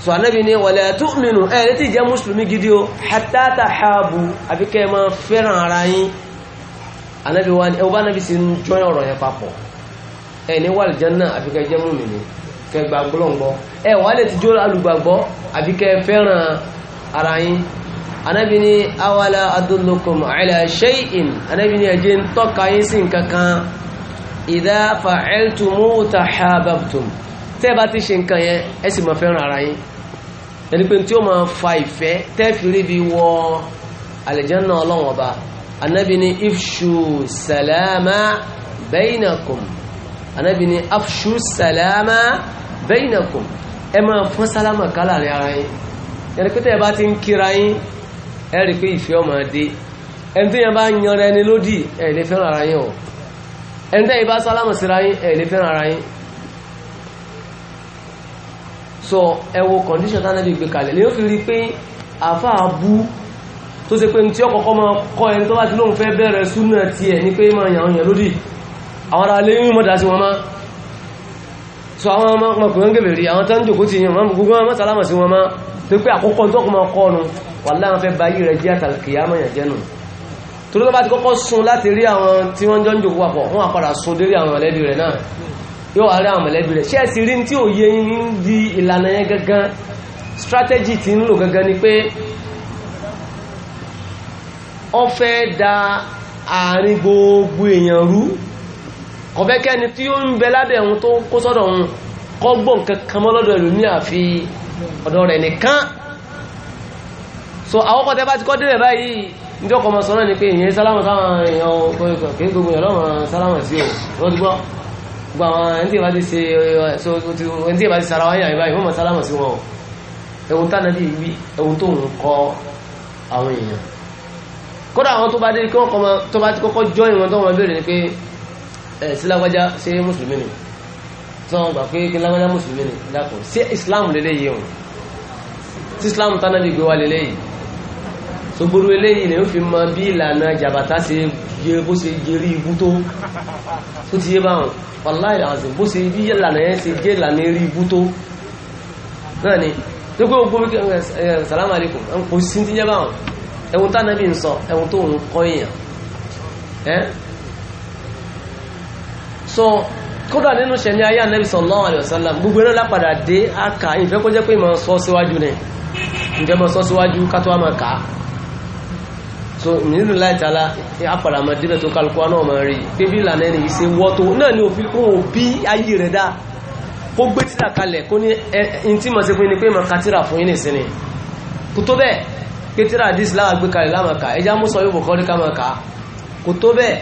so anábi ni wala tu'minu ẹ̀ létí jẹ́ mùsùlùmí gidi o hatta tahabu àbí kẹ́ máa fẹ́ràn ara yín anábi wa ẹ̀ bá anábi sì ń jọyọ̀ ọ̀rọ̀ yẹn papọ̀ ẹ̀ ní wà lìjánná àbí kẹ́ jẹ́ mùmìnì kẹ́ gbàgbọ́ lọ́ngbọ́ ẹ̀ wà lè ti jó alùgbàgbọ́ àbí kẹ́ fẹ́ràn ara yín anábi ní awala adúlùkùn ala shay'in anábi ní ẹjẹ́ ń tọ́ka yín sí nkankan idha fa'altumu tahabbtum tẹ́ bá ti ṣe nkan yẹn ẹ sì máa fẹ́ràn ara yín ẹni pé tí ó máa fa ìfẹ́ tẹ́ fi rí bi wọ àlìjánná ọlọ́run ọba anábi ní ifṣu salama bainakum anábi ní afṣu salama bainakum ẹ máa fún sálámà kálà rí ara yín ẹni pé tẹ́ bá ti ń kíra yín ẹ rí i pé ìfẹ́ ọmọ dé ẹni tó yẹn bá yanra ẹni lódì ẹ lè fẹ́ràn ara yín o ẹni tẹ́ ìbá sálámù síra yín ẹ fẹ́ràn ara yín so ẹ wo condition tánà bí gbé kalẹ̀ ni ó fi rí pé àfa abú tó ṣe pé tí ọkọ̀ọ̀kọ́ máa kọ́ ẹni tó bá ti lóun fẹ́ bẹ̀rẹ̀ súnà tiẹ̀ ní pé máa yàn yàn lódì àwọn ará lé yín mọ̀dá sí wọn máa so àwọn ọmọkùnrin gẹ̀bẹ̀rẹ̀ àwọn tán jòkó ti yàn wọn gbogbo wọn mọ́ sálámù sí wọn máa tó pé àkókò tó máa kọ́ ọ̀nà wàláhí wọn fẹ́ bá yìí rẹ̀ jẹ́ àtàlùkìyàmọ̀ yẹn jẹ́nu torí tó bá ti kọ́kọ́ sun láti rí àwọn tí wọ́n jọ ń jòkó papọ̀ wọ́n àpàdà sun dérí àwọn mọ̀lẹ́bí rẹ̀ náà yóò wá rí àwọn mọ̀lẹ́bí rẹ̀ ṣẹ́ẹ̀sì rí tí òye ń di ìlànà yẹn gangan strategy ti ń lò gangan ni pé ó fẹ́ da àárín gbogbo èèyàn rú kọ̀bẹ́kẹ́ni tí ó ń bẹ lábẹ́ òun tó kó sọ́dọ̀ òun kọ́gbọ̀n kankan mọ́ lọ́dọ̀ ìlú ní ọ̀dọ̀ rẹ̀ nìkan so àwọn kọ́tẹ́ bá ti kọ́ délẹ̀ báyìí njẹ́ ọkọ̀ ọmọ sọ́nà ni pé ìyẹn sálámà sáwọn èèyàn ọkọ̀ kí gbogbo èèyàn lọ́mọ sálámà sí o wọ́n ti gbọ́ gbọ́ àwọn ẹni tí ìbá ti ṣe so ti ẹni tí ìbá ti sara wáyà ìbá ìwọ́n mọ̀ sálámà sí wọn o ẹ̀wọ̀n tánà bí ibi ẹ̀wọ̀n tó ń kọ́ àwọn èèyàn kódà àwọn tó bá dé kí wọ́n kọ́ tó bá ti kọ́kọ́ jọ́ ìwọ̀n tó wọn béèrè ni pé ẹ̀ sílágbájá ṣé mùsùlùmí ni tí wọ́n gbà pé kí lágbájá mùsùlùmí ni dákun ṣé ìsìláàmù lélẹ́yìí o tí ìsìláàmù tánà bí gbé wa lélẹ́yìí sogboro eléyìí ni ó fi mọ bí ìlànà jàbàtà ṣe yẹ bó ṣe yẹrí ibú tó tó ti yé báwọn wàláì àzùn bó ṣe bí ìlànà yẹn ṣe jẹ́ ìlànà eré ibú tó náà ni tó pé ogbó ẹ sàlámù àlékún ẹ kò sí ti yẹ báwọn ẹ̀wọ̀n tá nàbí ń sọ ẹ̀wọ̀n tó ń kọ́ èèyàn ẹ́ so kódà nínú ṣẹ̀mí ayé ànábì sallallahu alaihi wasallam gbogbo náà lápadà dé àkà ìfẹ́ kó jẹ́ pé ìmọ̀ sọ síwájú ni ìfẹ́ mọ̀ sọ síwájú ká tó wá máa so nílùú la apàdàmọ̀ débẹ̀ tó kálukú náà mọ̀ rí pé bí ìlànà ẹni ìṣe wọ́tò náà ni òfin kó bí ayé rẹ̀ dá kó gbé tíra kalẹ̀ kó ní ẹni tí mo ṣe fún yín ni pé mo ka tíra fún yín nìsín ni kò tó bẹ́ẹ̀ pé tíra àdìs láwà gbé kalẹ̀ láwọn ká ẹja mú sọ yóò bọ̀ kọ́rí ká máa ká kò tó bẹ́ẹ̀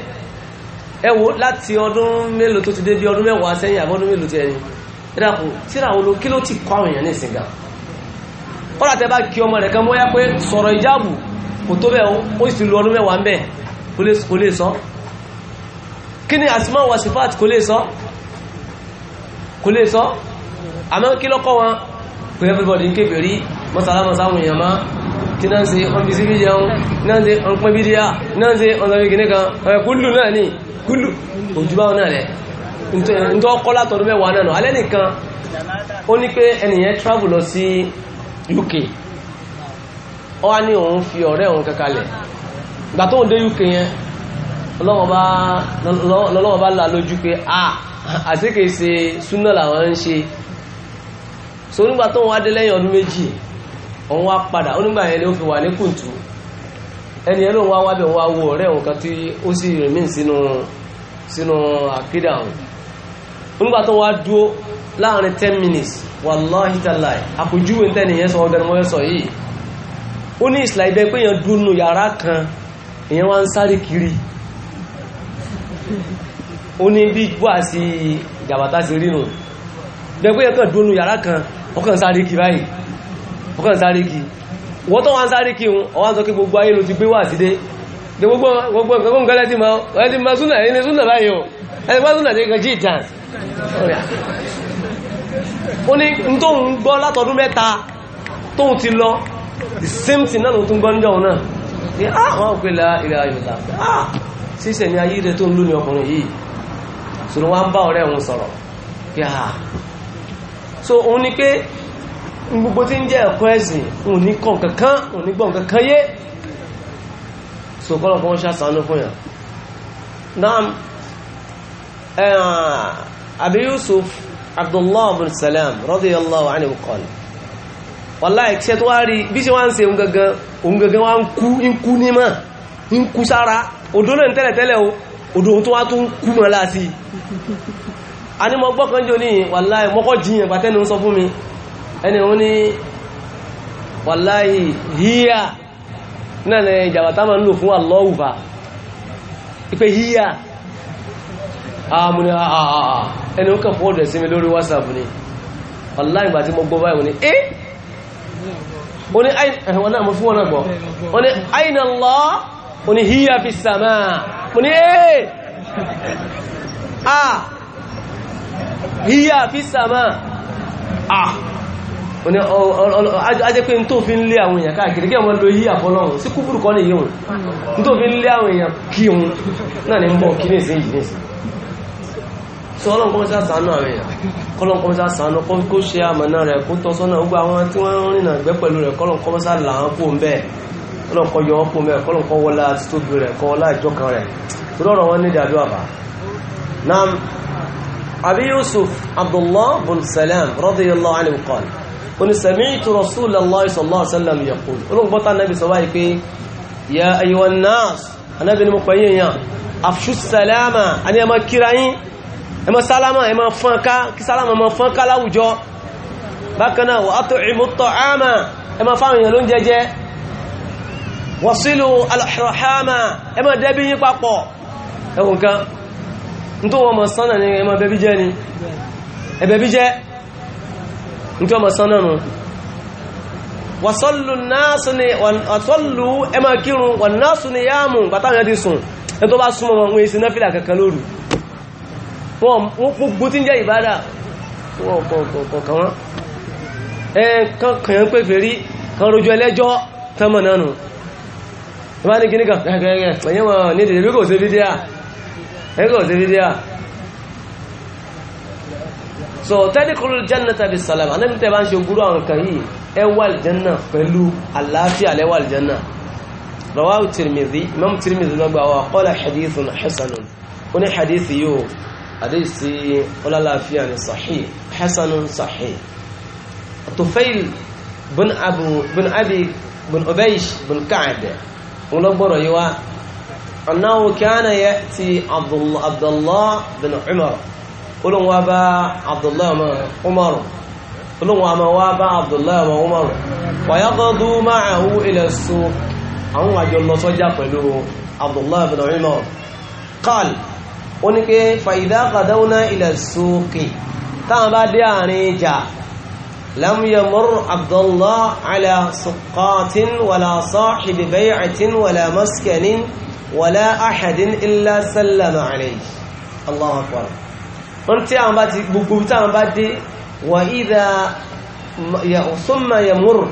ẹ wo láti ọdún mélòó tó ti dé bí ọdún mẹ́wàá sẹ́yìn àbọ̀dún mélòó ti ẹni ẹ kò tó bẹ́ẹ̀ ó sì lu ọdún mẹ́wàá ń bẹ̀ kò lè sọ kí ni asma wa sifat kò lè sọ kò lè sọ àmọ́ kí lọ́kọ́ wọn kò yẹ everybody ń kébè rí mọ́sálàmọ́sá àwọn èèyàn má tí náà ṣe ọmọ ìsíbí jẹun náà ṣe ọ̀pẹ́ bí díá náà ṣe ọ̀sán kìíní kan ọ̀rẹ́ kúlù náà ní kúlù òjúbá náà rẹ̀ ntọ́ ọkọ́ látọ̀dún mẹ́wàá náà alẹ́ nìkan ó ní pé ẹnìyẹn travel lọ sí UK ọ wá ní òun fi ọ̀rẹ́ òun kankalẹ̀ ìgbà tó ń dé uk yẹn lọ́lọ́wọ́ bá la lójú pé a àti kìí ṣe súnà làwọn ń ṣe so nígbà tó ń wá dé lẹ́yìn ọdún méjì òun wá padà ó nígbà yẹn ni ó fi wà ní kùntù ẹni ẹ lóun wá wábẹ̀ òun wá wo ọ̀rẹ́ òun kan tí ó sì rèmí sínú sínú àkídà òun nígbà tó wá dúó láàrin ten minutes wàláhítàláì àpòjúwe tẹ́niyẹn sọ ọgbẹ̀rún mọ́yẹ́sọ yìí ó ní ìsìlá ibẹ́ pé èèyàn dúnú kan èèyàn wá ń sáré kiri ó ní bí bọ́ àti ìjàbàtà sí rí nù pé èèyàn yàrá kan ọkàn sáré kiri báyìí ọkàn sáré kiri wọ́n tó wá ń sáré kiri ọwá ń sọ kí gbogbo ayé ti gbé sí dé gbogbo gbogbo gbogbo nǹkan lẹ́tí ma ẹni ma súnà ẹni ma súnà jí the same thing náà ló tún gbọ́njọ́ òun náà ní àwọn òpèlà ìrà ìrìnlá ṣíṣẹ̀ ní ayé rẹ̀ tó ń lú ní ọkùnrin yìí so ló wá ń bá ọ̀rẹ́ òun sọ̀rọ̀ pé à ah! so òun ni pé gbogbo tí ń jẹ́ ẹ̀kọ́ ẹ̀sìn òun ní kàn kankan òun ní eh, Abi Yusuf Abdullah bin Salam radiyallahu anhu qala wàláì tí ẹ tó wá rí bí ṣe wá ń ṣe ohun gangan ohun gangan wá ń kú ń kú ní mọ́ ń kú sára odó náà tẹ́lẹ̀ tẹ́lẹ̀ o odó ohun tó wá tó kú mọ́ láti a ní mọ́ gbọ́kan jò ní wàláì mọ́kọ́ jiyàn pàtẹ́nu sọ fún mi ẹni òun ní wàláì híyà náà ní ìjàmbá tá máa ń lò fún àlọ́wùfà ipe híyà àmúni àà ẹni ó kàn fọ́ọ̀dẹ̀ sí mi lórí whatsapp ni wàláì gbà tí mo gbọ́ báyìí ni eh ó ní ẹ̀wọ̀n náà mo fún wọn gbọ́ ó ní aina Allah ó ní hiya fi sàmà Oni ní ee ah hiya fi sama ah ó ní ajẹ́ pé n tó fi ń lé àwọn èèyàn káàkiri kí ọmọ hiya fọ́lọ́run sí kúfùrù kọ́ nìyí òun n tó fi ń lé àwọn èèyàn kí so ọlọ́run kọ́ sá sànú àwọn èèyàn kọ́lọ́n kọ́ sá sànú kó ṣe àmọ̀nà rẹ̀ kó tọ́ sọ́nà gbogbo àwọn tí wọ́n ń rìnà gbẹ́ pẹ̀lú rẹ̀ kọ́lọ́n kọ́ sá là wọn kó ń bẹ́ẹ̀ kọ́lọ́n kọ́ yọ wọn kó ń bẹ́ẹ̀ kọ́lọ́n kọ́ wọlá títóbi rẹ̀ kọ́ wọlá ìjọkan rẹ̀ tọ́lọ́rọ̀ wọn ní ìdádó àbá nam abi yusuf abdullah bin salam radiyallahu anhu qal kun sami'tu rasulullah sallallahu alaihi wasallam yaqul olóhùn gbọ́ta nabi sọ báyìí pé ya ayyuhan nas anabi ni ẹ máa sálámà ẹ máa fọ́n ká kí sálámà máa fọ́n ká láwùjọ bákan náà wa at'imu at'ama ẹ máa fáwọn èèyàn ló ń jẹjẹ wasilu al-rahama ẹ máa dẹ́bí yín papọ̀ ẹwùn kan nítorí wọn máa sánà ní ẹ bẹ́bí jẹ́ ni ẹbẹ̀bí jẹ́ nítorí wọn máa sánà nù wàsọ́lù náàsù ni wàsọ́lù ẹ máa kírun wà náàsù ni yáàmù bàtàwọn ẹ ti sùn ẹ tó wọ́n gbogbo tí ń jẹ́ ìbádà wọ́n kọ̀ọ̀kọ̀ọ̀kan wọ́n ẹ̀ẹ̀kan kàn pé fèrí kan rojú ẹlẹ́jọ́ tánmà nánú ìbá ní kíníkà gẹ́gẹ́gẹ́ pẹ̀yẹ́ wọn ní ìdílé bí kò sí fídíà ẹ̀kọ́ sí fídíà so tadkhulul jannata bisalam anábì tẹ́ bá ń ṣe gúrú àwọn kan yìí ẹ wà aljanna pẹ̀lú àlàáfíà lẹ́wà aljanna rawahu Tirmidhi Imam Tirmidhi lọ́gbà wa qala hadithun ní hadith yóò àdéhìsí ọlọ́láàfíà ní sahih hasanun sahih tufail bin abu bin abi bin ubeish bin ka'b wọn lọ gbọ́rọ̀ yìí wá annahu kana ya'ti abdullah bin umar olóhùn wa bá abdullah umar olóhùn wa máa wá bá abdullah umar wa yaqdu ma'ahu ila suq àwọn àjọ lọ sọ́jà pẹ̀lú abdullah bin umar qala ó ní pé fàyídá kàdáwọ́nà ilẹ̀ sókè táwọn bá dé àárín ìjà lámúyẹmọ́rù abdullah ala suqatin wàlá sahibi bay'atin wàlá maskanin wàlá ahadin illa sallama alayhi allahu akbar wọ́n tí àwọn bá ti gbogbo táwọn bá dé wà ìdá súnmọ̀ yẹmọ́rù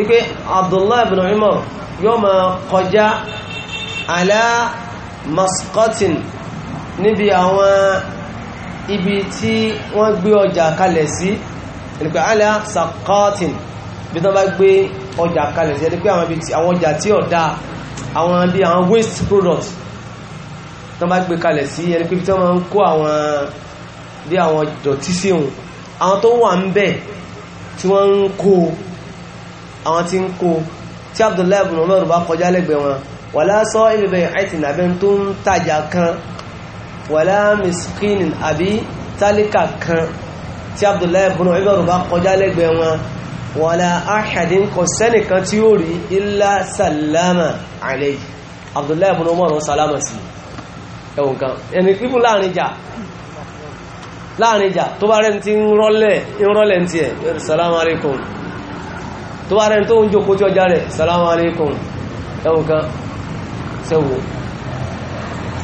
ibn umar yóò ma kọjá ala maskatin níbi àwọn ibi tí wọ́n gbé ọjà kalẹ̀ sí ẹnìpẹ́ alẹ́ sakatin bí wọ́n bá gbé ọjà kalẹ̀ sí ẹnìpẹ́ àwọn ọjà tí ọ̀dá àwọn bí àwọn waste product tó bá gbé kalẹ̀ sí ẹnìpẹ́ tí wọ́n máa ń kó àwọn bí àwọn dọ̀tí sí òun àwọn tó wà ń bẹ̀ tí wọ́n ń kó àwọn tí ń kó tí Abdullahi ibn Umar bá kọjá lẹ́gbẹ̀ẹ́ wọn wà ìbẹ̀bẹ̀ àìtìnàbẹ̀ tó ń tajà kan wàlá miskin àbí tálíkà kan tí abdullahi ibn Umar bá kọjá lẹ́gbẹ̀ẹ́ wọn wàlá ahadin kò sẹ́nìkan tí ó rí illa sàlámà alayhi abdullahi ibn Umar sàlámà sí ẹ̀wọ̀n kan ẹni pípù láàrin jà láàrin ìjà tó bá rẹ̀ tí ń rọ́lẹ̀ ń tí ẹ̀ salamu alaikum ẹwùn kan sẹ́wọ̀n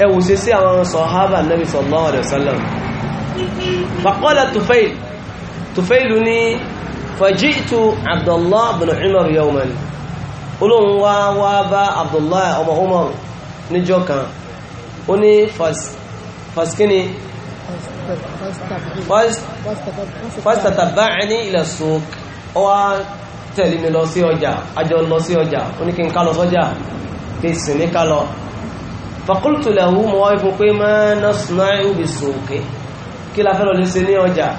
ẹwù ṣe sí àwọn sọ̀hábà nabi sallallahu alaihi wasallam faqala tufail tufail ní faji'tu abdullah bin umar yawman olóhun wá wá bá abdullah ọmọ umar níjọ́ kan ó ní faskini fastataba'ani ila suq ó wá tẹ̀lé mi lọ sí ọjà ajọ lọ sí ọjà ó ní kí n ká sọ́jà kí sì ní ká فقلت له مواقف ما نصنع بالسوق كلا فلو لسني وجع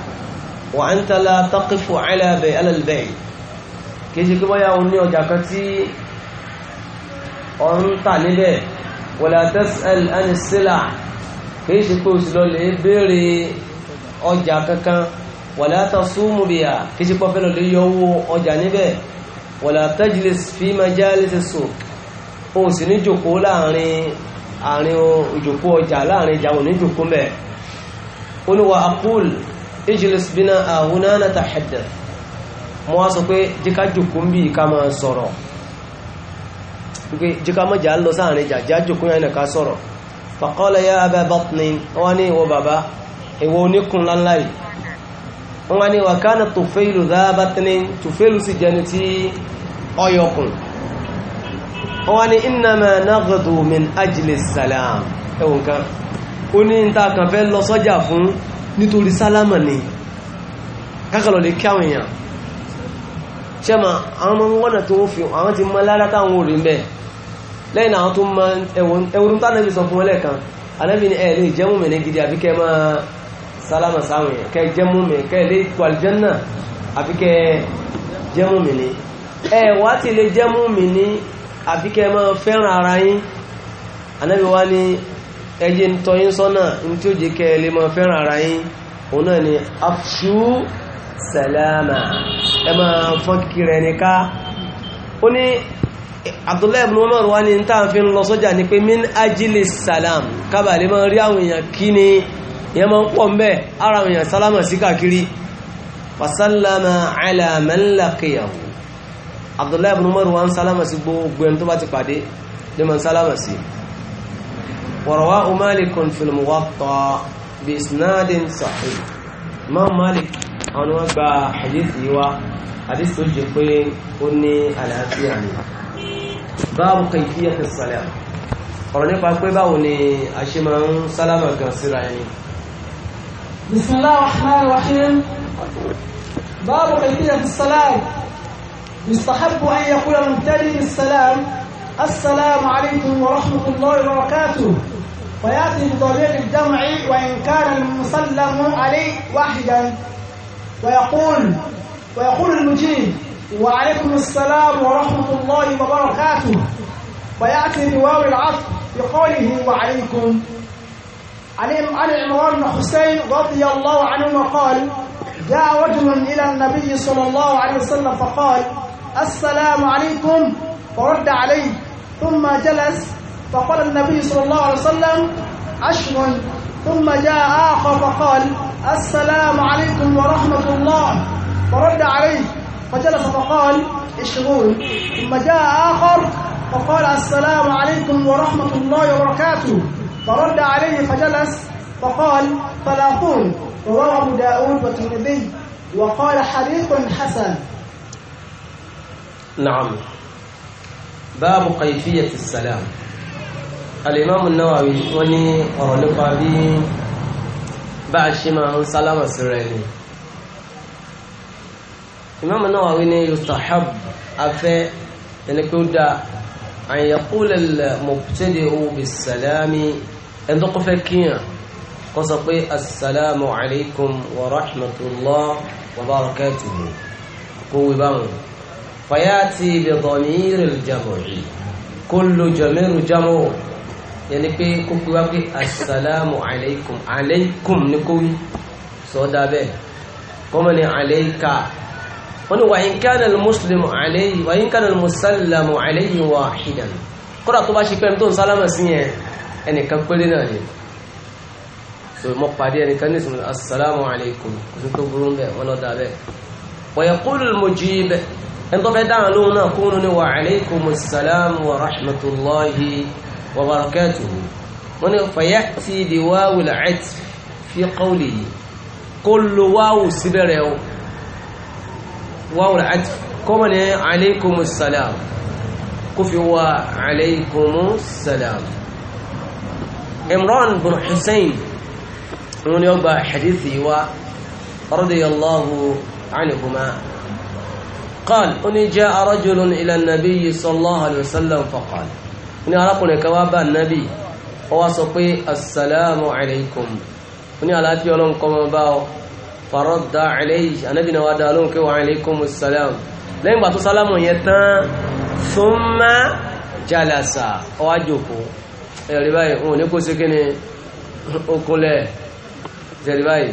وأنت لا تقف على بي على البيع كيجي كما يا أني وجع كتي أنت نبي ولا تسأل عن السلع كيجي كو سلول بيري وجع ككا ولا تصوم بها كيجي كو فلو ليو وجع نبي ولا تجلس في مجالس السوق أو سنجو قولا عني àárín ìjòkó ọjà láàrin ìjà òní ìjòkó mẹ́ ó ní wa aqul ijlis bina ahuna natahaddath mo wá sọ pé jíká jòkó ń bí ká máa sọ̀rọ̀ pé jíká mọ́jà lọ sáàrin ìjà já jòkó yẹn nìka sọ̀rọ̀ faqala ya aba batnin wọ́n ní ìwọ bàbá ìwọ oníkun láńlá wọ́n ní wa kana tufailu dha batnin sì jẹni tí ọyọkùn wọ́n wá ní innama naghdu min ajli salam ẹwọ̀n kan ó ní ń ta kàn fẹ́ lọ sọ́jà fún nítorí sálámà ni kákàlọ̀ lè kí àwọn èèyàn ṣe ma àwọn ọmọ wọ́nà tó fi àwọn ti mọ́ lára táwọn orí mẹ́ lẹ́yìn àwọn tó mọ́ ẹwọ́n tó anábì sọ fún ẹlẹ́kan anábì ni ẹ̀ lè jẹ́mú mi ní lè kú àlùjánnà àbíkẹ́ mi ní ẹ̀ wá lè jẹ́mú mi ní àbí kẹ́ máa fẹ́ràn ara yín anábì wá ní ẹjẹ́ ń tọ́ yín sọ́nà ní tí ó jẹ́ kẹ́ lè máa fẹ́ràn ara yín òun náà ni afṣú sàlámà ẹ máa fọ́n kíkiri ẹni ká ó ní Abdullahi ibn Umar wá ní tá à ń lọ sọ́jà ni pé min ajili salam kábà lè máa rí àwọn èèyàn kí ni ìyẹn máa ń pọ̀ mbẹ́ ara àwọn èèyàn sálámà sí káàkiri wasallama ala abdullahi ibn umar wa ń sálámà sí gbogbo ẹni tó bá ti pàdé ní ma ń sálámà sí wọ̀rọ̀wá umarikun fil muwatta bí isnadin sahih imam malik àwọn wọn gba hadith yìí wá hadith tó jẹ pé ó ní àlàáfíà ni báwo kayfiyat as-salam ọ̀rọ̀ nípa pé báwo ni a ṣe máa ń sálámà gan síra ẹni bismillahir rahmanir rahim báwo kayfiyat as-salam يستحب أن يقول المبتدئ بالسلام السلام عليكم ورحمة الله وبركاته ويأتي بطريق الجمع وإن كان المسلم عليه واحدا ويقول ويقول المجيب وعليكم السلام ورحمة الله وبركاته ويأتي بواو العطف بقوله وعليكم عن عمران بن حسين رضي الله عنهما قال جاء رجل إلى النبي صلى الله عليه وسلم فقال السلام عليكم فرد عليه ثم جلس فقال النبي صلى الله عليه وسلم عشر ثم جاء آخر فقال السلام عليكم ورحمة الله فرد عليه فجلس فقال عشرون ثم جاء آخر فقال السلام عليكم ورحمة الله وبركاته فرد عليه فجلس فقال ثلاثون رواه أبو داود والترمذي وقال حديث حسن نعم باب كيفية السلام الإمام النووي وني ورنقى بي بعد شما سلام السرين الإمام النووي يستحب أفي أنك يدى أن يقول المبتدئ بالسلام أن تقف كينا قصقي السلام عليكم ورحمة الله وبركاته قوي بامو fayati bi dhamir al-jam'i kullu jamiru jamu yẹni pé kó pé wá pé assalamu alaikum alaikum ní kó wí sọ dábẹ́ kọ́mọ ni alaika wọ́n ni wa in kana al-muslimu alayhi wa in kana al-musallamu alayhi wahidan kọ́ra tó bá ṣe pẹ́ tó ń sálámà sí yẹn ẹnìkan péré ni so mọ́ pàdé ẹnìkan ní ìsinmi assalamu alaikum kò sí tó burú bẹ́ẹ̀ wọ́n lọ wa yaqulu al-mujib ẹni tó fẹ́ dáhùn lóhun náà kó ní wa alaikumus salam wa rahmatulahi wa barakatuhu wọ́n ní fàyà tí di wáwù làcẹ́t fi qawli yìí kó lo wáwù síbẹ̀rẹ̀ o wáwù làcẹ́t kó mọ̀ ní alaikumus salam kó fi wá alaikumus salam imran bin hussein wọ́n ní ó hadithi wa radiyallahu anhuma. قال أني جاء رجل إلى النبي صلى الله عليه وسلم فقال أني أراكم كواب النبي ووصفي السلام عليكم أني على أتي ولم باو فرد عليه النبي نواد لهم وعليكم السلام لين باتو سلام يتان ثم جلس وأجوكو ẹ̀rí báyìí wọn ò ní kó ségé ní okunlẹ̀ ẹ̀rí báyìí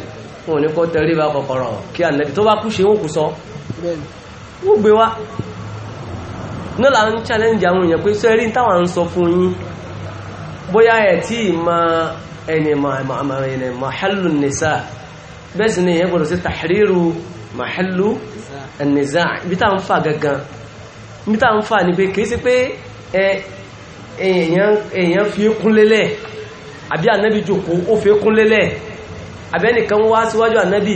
wọn ò ní kó tẹríba kọ̀kọ̀rọ̀ kí ànẹ́bí tó bá wọ́n gbé wá náà ń challenge àwọn èèyàn pé sọ eré táwọn ń sọ fún yín bóyá ẹ̀ tí ìmọ̀ ẹni mahallu nisa bẹ́ẹ̀ sì ni èèyàn gbọ́dọ̀ sí tahriru mahallu nisa ibi táwọn fà gangan ibi táwọn fà ni pé kìí sí pé èèyàn fi kún lélẹ̀ àbí ànábì jòkó ó fi kún lélẹ̀ àbẹ́nìkan wá síwájú ànábì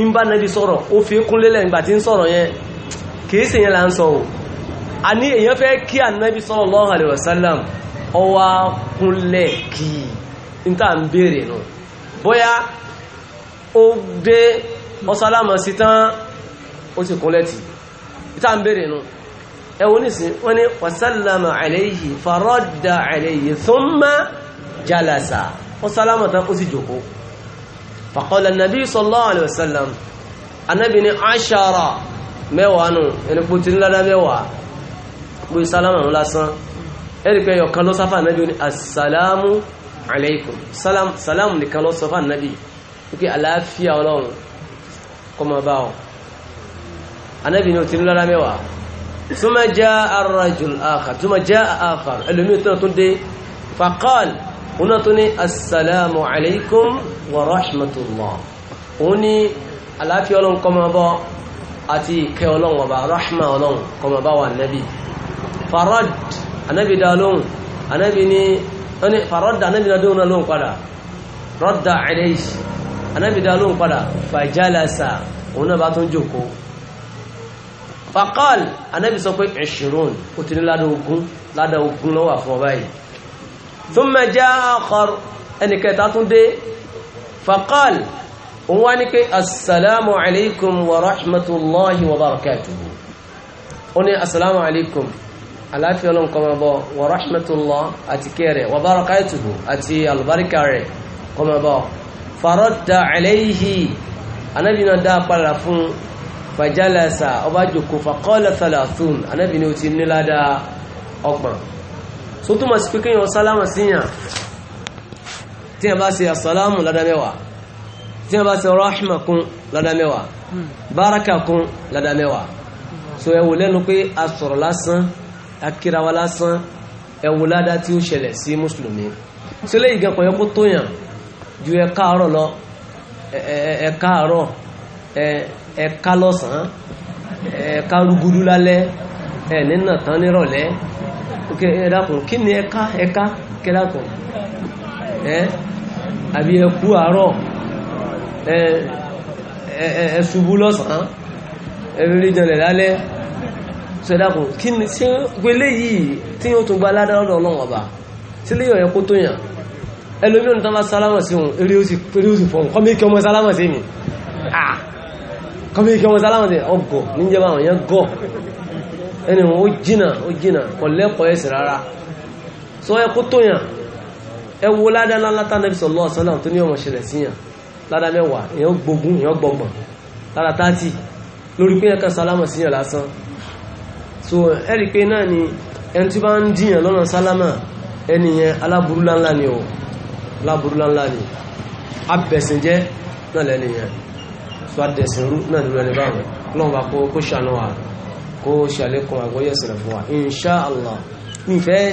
ń bá ànábì sọ̀rọ̀ ó fi kún lélẹ̀ nígbà tí ń sọ̀rọ̀ yẹn kìí sì yẹn la ń sọ o a ní èyàn fẹ́ kí ànábì sallallahu alaihi wasallam ọwá kúnlẹ̀ kí n tà ń béèrè nù bóyá ó dé ọsálámọ̀ sí tán ó sì kúnlẹ̀ tì í tà ń béèrè nù ẹwọ́n nísìn wọ́n ní wasallama alayhi faradda alayhi thumma jalasa ọsálámọ̀ tán ó sì jòkó faqala an-nabi sallallahu alaihi wasallam anábì ní ashara mẹ́wàá nù ẹni pé ó ti ńlá mẹ́wàá pé sálámà ń lásán ẹnìkan yọ kan lọ sáfà nàbí ní asàlámù alaykum sálámù nìkan lọ sáfà nàbí wípé àlàáfíà ọlọ́run kọ́ máa bá ọ anábì ni ó ti ńlá mẹ́wàá ثم جاء الرجل آخر ثم جاء آخر الميتنا تدي فقال هنا تني السلام عليكم ورحمة الله هني العافية لكم أبا àti ìkẹ́ ọlọ́run ọba rahma ọlọ́run kọmọ bá wà nẹ́bí farad anábì dá lóhùn anábì ní farad anábì dá lóhùn padà rọ́dà ẹ̀lẹ́yìí anábì dá lóhùn padà fàjálàsà òun náà bá tún jòkó fàkàl anábì sọ pé ẹ̀ṣìrún ó ti ní ládà ogun ládà ogun lọ́wọ́ fún ọba yìí thumma jaa ẹnìkẹta tún dé fàkàl òun wá ní pé assalamu alaikum wa rahmatullahi wa barakatuhu ó ní assalamu alaikum aláfíà ọlọ́run kọ́ máa bọ̀ wa rahmatullah àti kẹrẹ wa barakatuhu àti alubarika rẹ̀ kọ́ máa bọ̀ faradda alaihi anábì náà dá padà fún fajalasa ọba jòkó faqala thalathun anábì ní o ti ọgbọ̀n so túmọ̀ sí pé kéèyàn sálámà síyàn tí a bá ṣe àsàlámù ládá tí wọ́n bá ṣe rahma kún ládá mẹ́wàá hmm. baraka kún ládá mẹ́wàá so ẹ lẹ́nu pé a sọ̀rọ̀ lásán a kíra wa lásán ẹ wò ládá tí ó ṣẹlẹ̀ sí mùsùlùmí so lẹ́yìn gan kọ̀yọ́ kó tóyàn ju ẹ káàárọ̀ lọ ẹ káàárọ̀ ẹ ká lọ́sàn-án ẹ ká rúgudu lálẹ́ ẹ nínà tán nírọ̀lẹ́ ẹ dákun kí ni ẹ ká ẹ ká kí dákun ẹ àbí ẹ kú àárọ̀ ẹ̀ṣubú lọ́sàn ẹ̀rí jẹlẹ̀ lálẹ́ sọ́dàkùn kí ni tí gbélé yìí tí yóò tún gba aládàá lọ́dọ̀ ọlọ́run ọba tí lè yọ̀yẹ́ kó tó yàn ẹlòmíràn ní tánbà sálámà sí òun eré ó sì fọ́n kọ́mí kí ọmọ sálámà sí mi kọ́mí kí ọmọ sálámà sí ọgọ̀ níjẹba àwọn yẹn gọ̀ ẹni wọn ó jìnà ó jìnà kọ̀lẹ́kọ̀ ẹ̀sìn rárá sọ ẹ kó tó yàn ẹ wo ládàá lálátà nẹ́bí sọ̀lọ́ ọ̀sán náà tó ní ọmọ ṣẹlẹ̀ síyàn ládá mẹ́wàá èèyàn gbógún èèyàn gbọgbọ̀n lára táàtì lórí pé ẹ̀kan sálámà sí yàn lásán so ẹ̀rí pé náà ni ẹni tí bá ń dìyàn lọ́nà salama, ẹni yẹn aláburúláńlá ni ọ̀ aláburúláńlá ni abẹ̀sìnjẹ́ náà lẹ́ni yẹn so adẹ̀sìnrú náà nílò ẹni báwọn lọ́wọ́n bá kó kó ṣàánú wa kó ṣàlékún àgbọ́yẹ̀sìn fún wa insha allah nífẹ̀ẹ́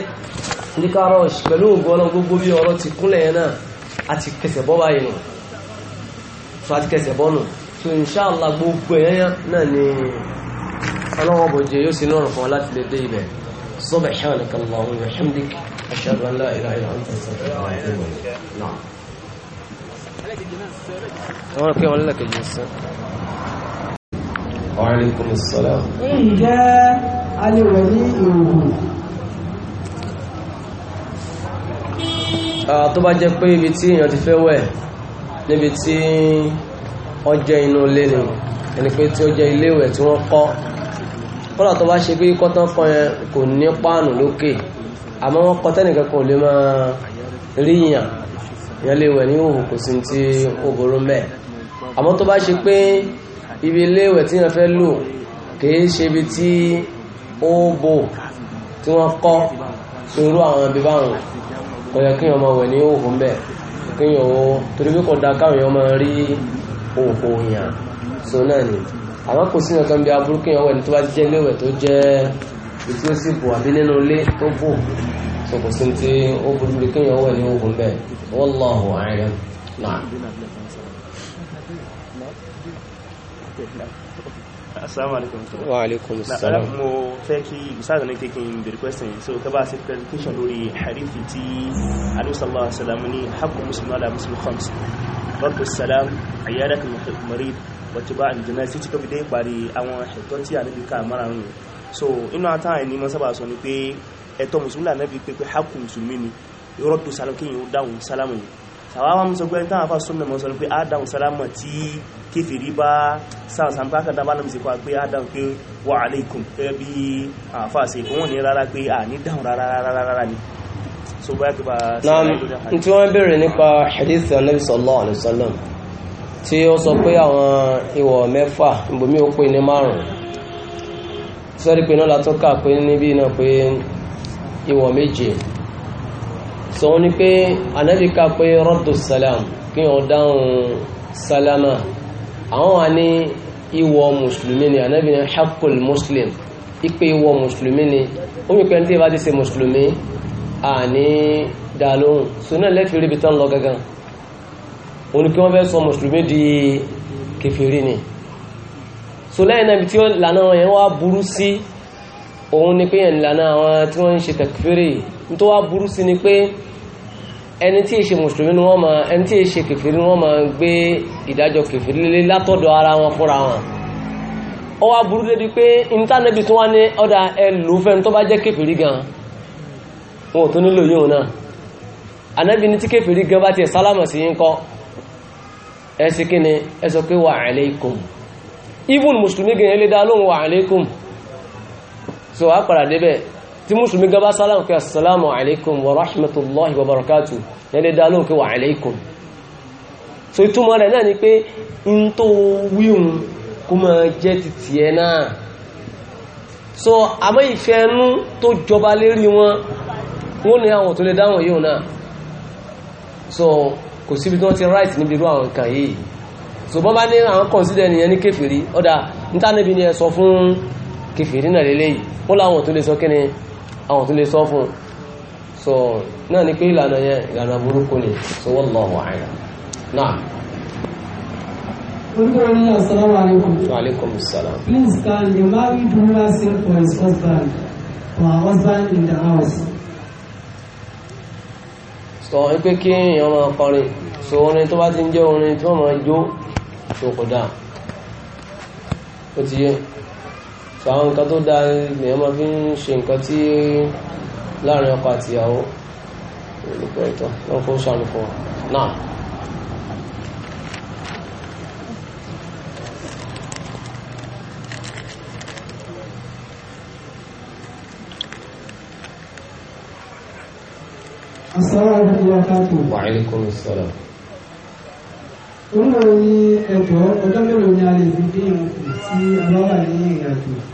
ní kárọ̀ṣ pẹ̀lú ògbọ́n gbogbo bí ọ̀rọ̀ ti kúnlẹ̀ yẹn náà àti kẹsẹ̀ bọ́ báyìí nù so àti kẹsẹ̀ bọ́nù so inṣáàlá gbogbo ẹ̀yẹ́ náà ni ọlọ́wọ́ bò jẹ yóò sí lọ́rùn fún wa láti lè dé ibẹ̀ subhanaka Allahumma wa hamdik ashhadu an la ilaha illa anta astaghfiruka wa atubu ilayk náà. àwọn ah, tó bá jẹ́ pé ibi tí èèyàn ti fẹ́ wẹ̀ níbi tí wọ́n jẹ́ inú ilé ni ẹni pé tí ó jẹ́ iléèwẹ̀ tí wọ́n kọ́ kọ́lá tó bá ṣe pé kọ́tán kan yẹn kò ní páànù lókè àmọ́ wọ́n kọ́ tẹ́nìkan kan ò lè máa ríyàn ìyẹn léèwẹ̀ ní òhù kò sí ti obòrò mẹ́ àmọ́ tó bá ṣe pé ibi iléèwẹ̀ tí yẹn fẹ́ lò kìí ṣe ibi tí ó bò tí wọ́n kọ́ sórú àwọn ibi báwọn kò yẹ kí wọ́n máa wẹ̀ ní òhù mẹ́ẹ̀ kíyàn ó torí pé kọ̀dá káwọn èèyàn máa rí òkò èèyàn so náà ni àwọn kò sí nǹkan bí aburú kíyàn wẹ̀ ní tó bá jẹ́ léwẹ̀ tó jẹ́ ìtí ó sì bò àbí nínú ilé tó bò so kò sí ti ó burú kíyàn wẹ̀ ní ogun bẹ́ẹ̀ wallahu a'lam náà assalamu alaikum wa alaikum assalam mo fẹ́ kí ìsáàdà ní kékin bèrè question so ká bá ṣe clarification lórí harifi tí alúsàlá salam ní haqqu muslim ala muslim khams rọ́pù salam ayyára kan marid wàtí bá àjẹ́nà sí ti kọ́bí dé parí àwọn ẹ̀tọ́ tí àníbi ká márùn-ún so inú àtàrà ní mọ́ sábà sọ ni pé ẹ̀tọ́ musulmi ànábi pé pé haqqu musulmi ni rọ́pù salam kí yíò dáhùn salamu yìí sàwọn mọ́ sọ pé táwọn afá súnmọ̀ mọ́ sọ pé adam salama tí kéfèrí bá sáàsàn bá kàdá bá lọ́mù sí kọ́ pé adam pé wa alaikum gẹ́gẹ́ bí àfá sí òun ní rárá pé à ní dáhùn rárá ni so bá tó bá sọ́rọ̀ tí wọ́n bèèrè nípa hadith anabi sallallahu alaihi wasallam tí ó sọ pé àwọn ìwọ̀ mẹ́fà ìbomi pé níbi náà pé ìwọ̀ méje sọ wọn ni pé anabi ká pé rọ́dù salam kí wọn dáhùn salama àwọn wa ní ìwọ mùsùlùmí ni anabi ní hakul muslim ipe ìwọ mùsùlùmí ni ó mi pẹ́ ní tí ìbá ti ṣe mùsùlùmí à ní dàlóhùn sunna lẹ́fì ríbi tán lọ gangan òun ni kí wọ́n fẹ́ sọ mùsùlùmí di kẹfìrí ni so lẹ́yìn náà tí ó lànà wọn yẹn wá burú sí òun ni pé yẹn lànà àwọn tí wọ́n ń ṣe takfiri tó wá burú sí ni pé ẹni tí èṣe mùsùlùmí ni wọ́n máa ẹni tí èṣe kèfèrí ni wọ́n máa gbé ìdájọ́ kèfèrí lé látọ̀dọ̀ ara wọn fúnra wọn ó wá burú débi pé intanẹ́bì tó wá ní ọ̀dà ẹlò fẹ́ni tó bá jẹ́ kèfèrí gan wọn ò tó nílò yóò náà anábì ní tí kèfèrí gan bá tiẹ̀ sálámà sí yín kọ́ ẹ sì kí ni ẹ sọ pé wa alaykum even mùsùlùmí gan ẹ lè dá lóhùn wa alaykum so wàá padà tí mùsùlùmí gaba sálámù kí assalamu alaikum wa rahmatullahi wa barakatuh yẹn lè kí wa alaikum so ìtumọ̀ rẹ̀ náà ni pé n tó wíhun kó máa jẹ́ títì ẹ náà so àmọ́ ìfẹ́ ẹnu tó jọba lérí wọn wọ́n ní àwọn tó lè dáhùn yíò náà so kò síbi tí wọ́n ti right níbi irú àwọn nǹkan yìí so bọ́n bá ní àwọn consider nìyẹn ní kèfèrí ọ̀dà nítànẹ́bí ni ẹ sọ fún kèfèrí náà lélẹ́yìí wọ́n láwọn tó lè sọ kí àwọn tó lè sọ fún so náà ni pé ìlànà yẹn ìlànà burúkú ni so wallahu a'lam náà. Assalamu alaikum. Wa alaikum salam. Please, can a married ruler his husband or husband in the house? Sọ wípé kí èèyàn máa kọrin, so orin tó bá ti ń jẹ́ orin tí wọ́n máa so kò dáa. Ó so àwọn nǹkan tó dáa ni ọmọ fi ń ṣe nǹkan tí láàrin ọkọ àti ìyàwó olùkọ́ ìtọ́ wọn kò sànù náà. Asalaamualeykum wa rahmatulahi. Wa ọjọ́ mélòó ni a lè fi dé ìwọ̀n tí a bá wà ní ìrìnàjò?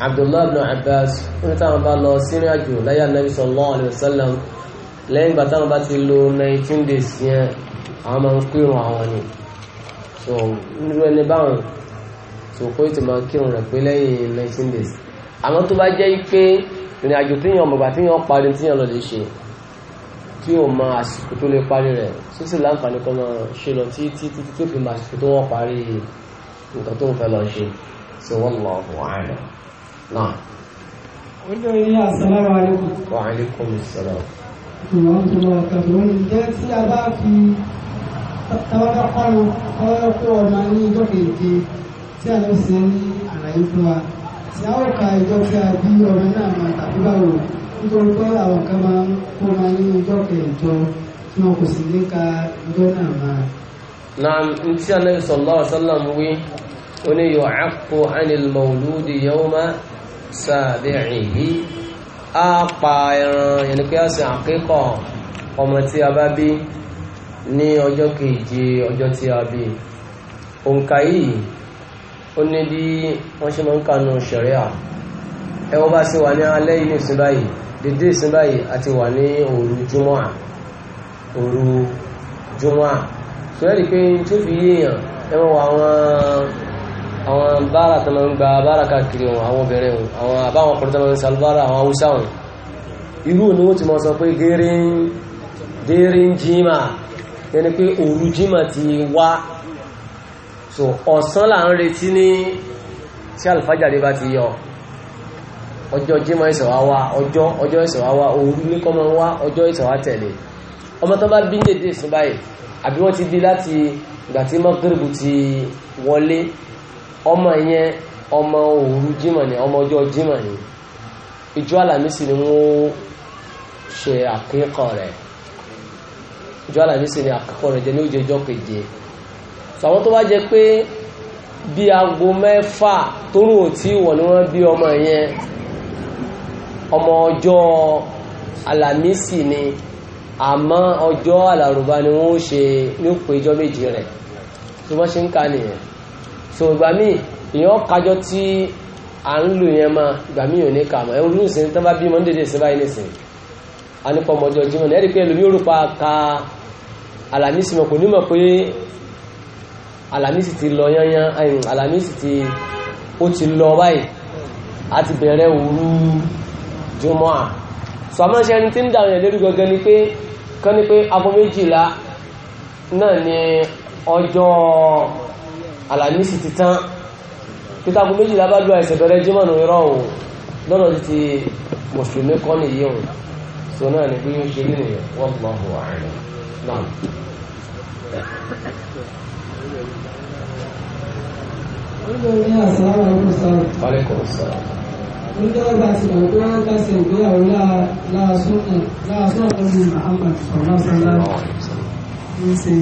abdullahi ibn abbas ó ní táwọn bá lọ sínú àjò láyé anabi sallallahu alayhi wa sallam lẹ́yìn ìgbà táwọn bá ti lo nineteen days yẹn àwọn máa ń kírun àwọn ni so nínú ẹni báwọn so kó ètò máa kírun rẹ̀ pé lẹ́yìn nineteen days àmọ́ tó bá jẹ́ pé ìrìn àjò tí yàn bàbá tí yàn parí tí yàn lọ lè ṣe tí yóò mọ àsìkò tó lè parí rẹ̀ tó sì láǹfààní kan máa ṣe lọ tí tí tí tó fi mọ àsìkò tó wọ́n parí nǹkan tó ń fẹ́ lọ ṣe so wallahu a'lam náà. olórí ní àsálàmù alẹ́kùn. wa alaikum assalam. ìwọ̀n tó wà kàbí wọ́n jẹ́ tí a bá fi tàbátà pàrọ̀ ọ̀rọ̀ kó ọ̀nà ní ìjọ kejì tí a lọ sí ní àlàyé fún wa tí a ó ka ìjọ tí a bí ọ̀rọ̀ náà máa tàbí báwo nítorí pé àwọn kan máa ń kó máa ní ìjọ kẹjọ tí wọn kò sì ní ka ìjọ náà máa. نعم انت النبي صلى الله عليه وسلم وي وني يعق عن المولود يوم sàbẹ̀rìhì á pa ẹran yẹn ni pé ọmọ tí a bá bí ní ọjọ́ keje ọjọ́ tí a bí òǹkà yìí ó ní bí wọ́n ṣe máa ń kànú ṣẹ̀ríà ẹ wọ́n bá ṣe wà ní alẹ́ yìí ní ìsìn báyìí dédé ìsìn báyìí a ti wà ní òru júmọ́ à òru júmọ́ à sọ yẹ́rì pé tí ó fi yéèyàn ẹ wọ́n àwọn bára tó máa ń gba bára káàkiri wọn àwọn obìnrin wọn àwọn àbáwọn ọkùnrin tó máa ń salbára àwọn haúsá wọn irú ni wọ́n ti máa sọ pé dérin jíma ẹni pé òru jíma ti wá so ọ̀sán là ń retí ní tí alfajari bá ti yọ ọjọ́ jíma ìṣẹ̀wá wá ọjọ́ ọjọ́ ìṣẹ̀wá wá òru ní kọ́ máa ń wá ọjọ́ ìṣẹ̀wá tẹ̀lé ọmọ tó bá bí ní èdè ìsìn báyìí àbí wọ́n ti bí láti ìgbà tí mọ́gírìbù ti wọlé ọmọ yẹn ọmọ òru jímọ̀ ni ọmọ ọjọ́ jímọ̀ ni ìjọ àlàmísì ni wọ́n ṣe àkíkọ̀ rẹ̀ ìjọ àlàmísì ni àkíkọ̀ rẹ̀ jẹ́ ní oúnjẹ ọjọ́ keje sàwọn tó bá jẹ pé bí aago mẹ́fà tóru òtí wọ̀ ni wọ́n bí ọmọ yẹn ọmọ ọjọ́ àlàmísì ni àmọ́ ọjọ́ àlàrúbá ni wọ́n ṣe ní òpè ìjọ méjì rẹ̀ tó bá ṣe ń kà nìyẹn so ìgbà míì èèyàn kájọ tí à ń lò yẹn máa ìgbà míì ò ní kà mọ́ ẹrú nìsín tó bá bí mọ́ dédé sí báyìí nìsín a ní pọmọ ọjọ́ jimọ̀ ẹ̀rí pé ẹlòmí òrùpa ka alamisi mọ̀ kò ní mọ̀ pé alamisi ti lọ yányán alamisi ti ó ti lọ báyìí a ti bẹ̀rẹ̀ òru jùmọ̀ à so àmọ́ ṣe ẹni tí ń dàrú yẹn lórí gangan ni pé kán ní pé aago méjìlá náà ni ọjọ́ alamisi ti tán títaku méjìlá bá dúró ẹsẹ̀ bẹ̀rẹ̀ jímọ̀nù irọ́ o lọ́dọ̀ ti ti mùsùlùmí kọ́ nìyí o so náà ni bí yóò ṣe nínú yẹn wọ́n mọ̀ ọ́ àárín náà. Aleykum salaam. Nígbà wo bá ti mọ̀ pé wọ́n kásẹ̀ ìgbéyàwó láàásùn náà lórí Muhammad sallallahu alaihi wasallam ń ṣe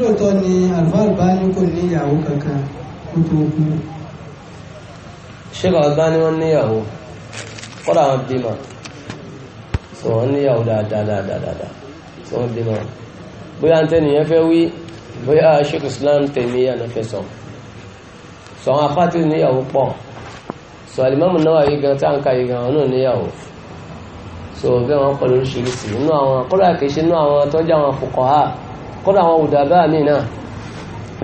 lóòótọ́ ni Alfa Albani kò ní ìyàwó kankan kó tó kú. Sheikh Albani wọ́n níyàwó kọ́dà wọn bímọ sọ wọn níyàwó dáadáadáadáa sọ wọn bímọ bóyá ń tẹ́nìyàn fẹ́ wí bóyá Sheikh Islam tèmi ànáfẹ́ sọ sọ àwọn afáàtì níyàwó pọ̀ sọ Alimamu Nawawi gan tá à ń ka yìí gan ọ̀nà níyàwó so bẹ́ẹ̀ wọ́n pọ̀ lóríṣiríṣi inú àwọn kọ́dà kìí ṣe inú àwọn tọ́jú àwọn fuqaha kọ́dọ̀ àwọn òdàbá mi náà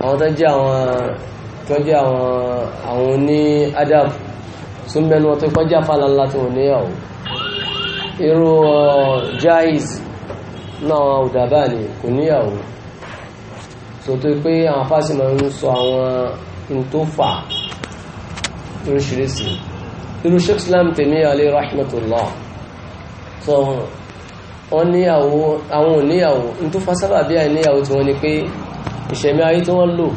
àwọn tó jẹ́ àwọn tó jẹ́ àwọn àwọn ní adab tó mẹ́nu wọn tó kọjá falala tó wọ́n níyàwó irú uh, jaiz náà àwọn òdàbá ni kò níyàwó tó tó pé àwọn fásitì máa ń sọ àwọn ntòfà wọ́n níyàwó àwọn òníyàwó ní tó fasábà bí i níyàwó tí wọ́n ní pé ìṣẹ̀mí ayé tí wọ́n lò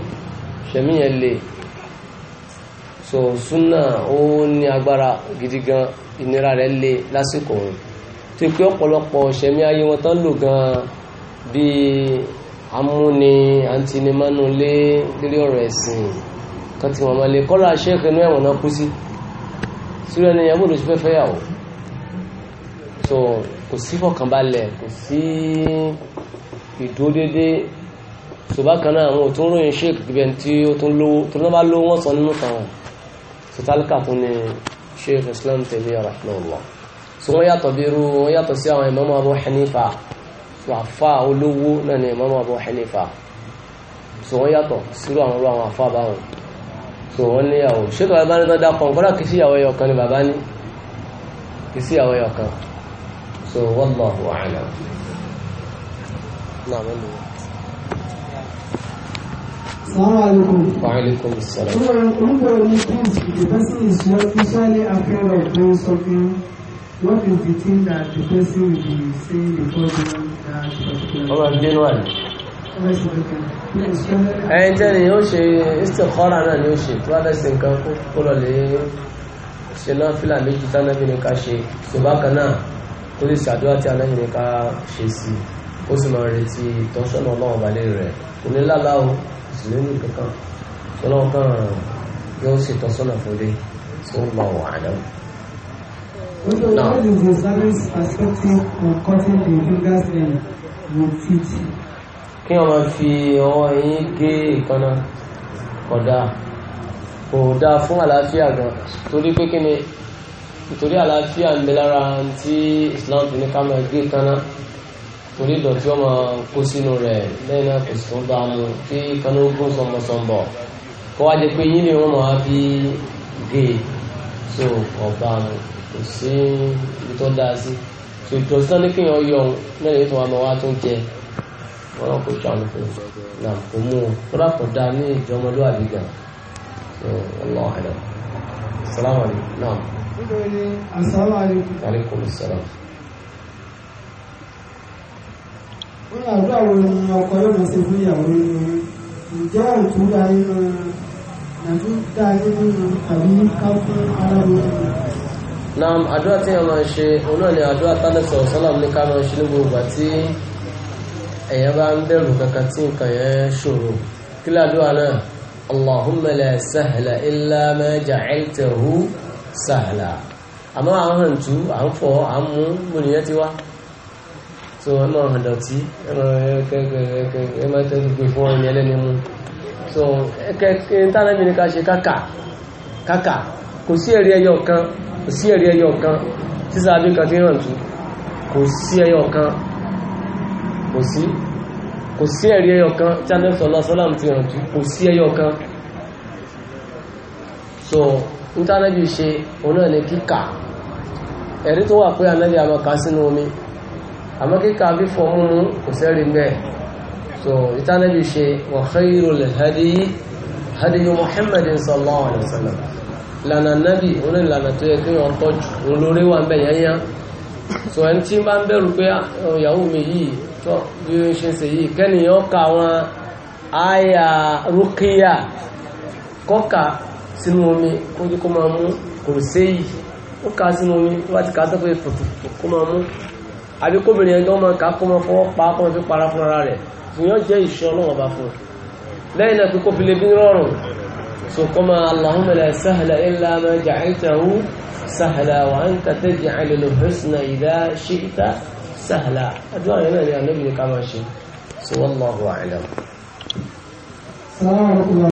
ìṣẹ̀mí yẹn lè so súnà ó ní agbára gidi gan ìnira rẹ̀ lè lásìkò òun tó pé ọ̀pọ̀lọpọ̀ ìṣẹ̀mí ayé wọn tán lò gan bí amúni àǹtinimánú lé lórí ọ̀rọ̀ ẹ̀sìn kan tí wọ́n máa lè kọ́lá aṣẹ́kù ẹ̀wọ̀n náà kú sí sílẹ̀ ni ìyàwó ló ṣe fẹ́ fẹ́ yàwó so kò sí fọkànbalẹ̀ kò sí ìdúródédé ṣùgbọ́n kan náà àwọn òtún ròyìn sheik ibẹ̀ tí ó tún lówó tó náà bá lówó wọ́n sọ nínú tàwọn sọtálíkà tó ní sheik islam tẹ̀lé rahimahullah so wọ́n yàtọ̀ bí irú wọ́n yàtọ̀ sí àwọn Imam Abu Hanifa so àfa olówó náà ni Imam Abu Hanifa so wọ́n yàtọ̀ sírò àwọn olú àwọn àfa báwọn so wọ́n níyàwó sheik bàbá ní tán dákọ̀ nǹkan náà kì í ni bàbá ní kì í so wallahu a'lam. Assalamualaikum. Waalaikumsalam. Who refuse the person is usually afraid of doing something? What is the thing that the person will be saying before doing that particular? Oh, I'm doing one. ẹyin tẹ́ ni yóò ṣe istikhara náà ni yóò ṣe tí wọ́n lẹ́sìn nǹkan kó lọ lè ṣe náà fìlà méjì tánàbí ni ká ṣe ṣùgbọ́n kan náà torí ṣàdúrà tí anábì ní ká ṣe sí ó sì máa retí ìtọ́sọ́nà ọlọ́run balẹ̀ rẹ̀ kò ní lálá o kò sì nínú kankan ọlọ́run kan yóò ṣe ìtọ́sọ́nà fún lé tí ó máa wà náà. Oyo, no. what is the service perspective on cutting the fingers and with feet? Kí wọ́n máa fi ọwọ́ yín gé ìkànnà kódà kódà fún àlàáfíà gan torí pé kí ni nítorí àlàáfíà ń bẹ lára tí islam fi ní ká gbé kaná torí ìdọ̀tí ọmọ kó sínú rẹ̀ lẹ́yìn náà kò sì tún bá mu kí kaná kó e. so ọba mu kò sí ibi tó dáa so ìdọ̀tí yọ náà lè wà wá jẹ wọn náà kò fún un náà kò mú un nítorí àsálà àlékún. àlékún sọlá. wọ́n yà àdúrà wo ni ọkọ yóò mọ̀ sí fún ìyàwó nínú ǹjẹ́ òtún dá nínú nàbí dá nínú tàbí ká fún aláwo nínú. Naam, àdúrà tí a máa ń ṣe, òun ni àdúrà tálẹ̀sọ̀ sọ́làm ní ká máa ń ṣe ní gbogbo àti èèyàn bá ń bẹ̀rù kankan tí nǹkan yẹn ṣòro. Kí ládùúrà náà, Allahumma la sahla illa ma ja'altahu sàhàlà àmọ́ à ń hàn tú à ń fọ à ń mú múnìyàn ti wá so ẹ máa hàn dọ̀tí ẹ máa kẹ́kẹ́ máa tẹ́ gbogbo ìfún ẹni ẹlẹ́ni mú so kẹ́kẹ́ ntánàmì ni ká ṣe káka káka kò sí ẹ̀rí ẹyọ kan kò sí ẹ̀rí ẹyọ kan sísá bí kan ti hàn tú kò sí ẹyọ kan kò sí kò sí ẹ̀rí ẹyọ kan tí a nẹ́sọ̀lá sọ́lá ti hàn tú kò sí ẹyọ kan so níta anábì ṣe òun náà ní kíkà ẹ̀rí tó wà pé anábì àmọ́ ká sínú omi àmọ́ kíkà fífọ múmú kò sẹ́rí mẹ́ẹ̀ so níta anábì ṣe wa khayrul hadyi hadyu muhammadin sallallahu alayhi wa sallam lànà anábì òun ní lànà tó yẹ kí wọ́n tọ́jú òun lórí wà ń yányá so ẹni tí bá ń bẹ̀rù pé ah, ìyàwó mi yìí tó bí ó ń ṣe ṣe yìí kẹ́niyàn ka wọn àyà rúkìyà kọ́ka sínú omi kó jẹ́ kó máa mú kò sé yìí ó ká sínú omi tó bá ti ká sọ́kò pòtòpò kó máa mú àbí kóbìnrin ẹni tó máa ká kó máa fọwọ́ pa kó máa fi para fúnra rẹ̀ ìyẹn jẹ́ ìṣọ́ ọlọ́wọ́ bá fún un lẹ́yìn náà kó fi lè bí rọrùn so kó máa Allahumma la sahla illa ma ja'altahu sahla wa anta taj'alul husna idha shi'ta sahla àdúrà yẹn náà ni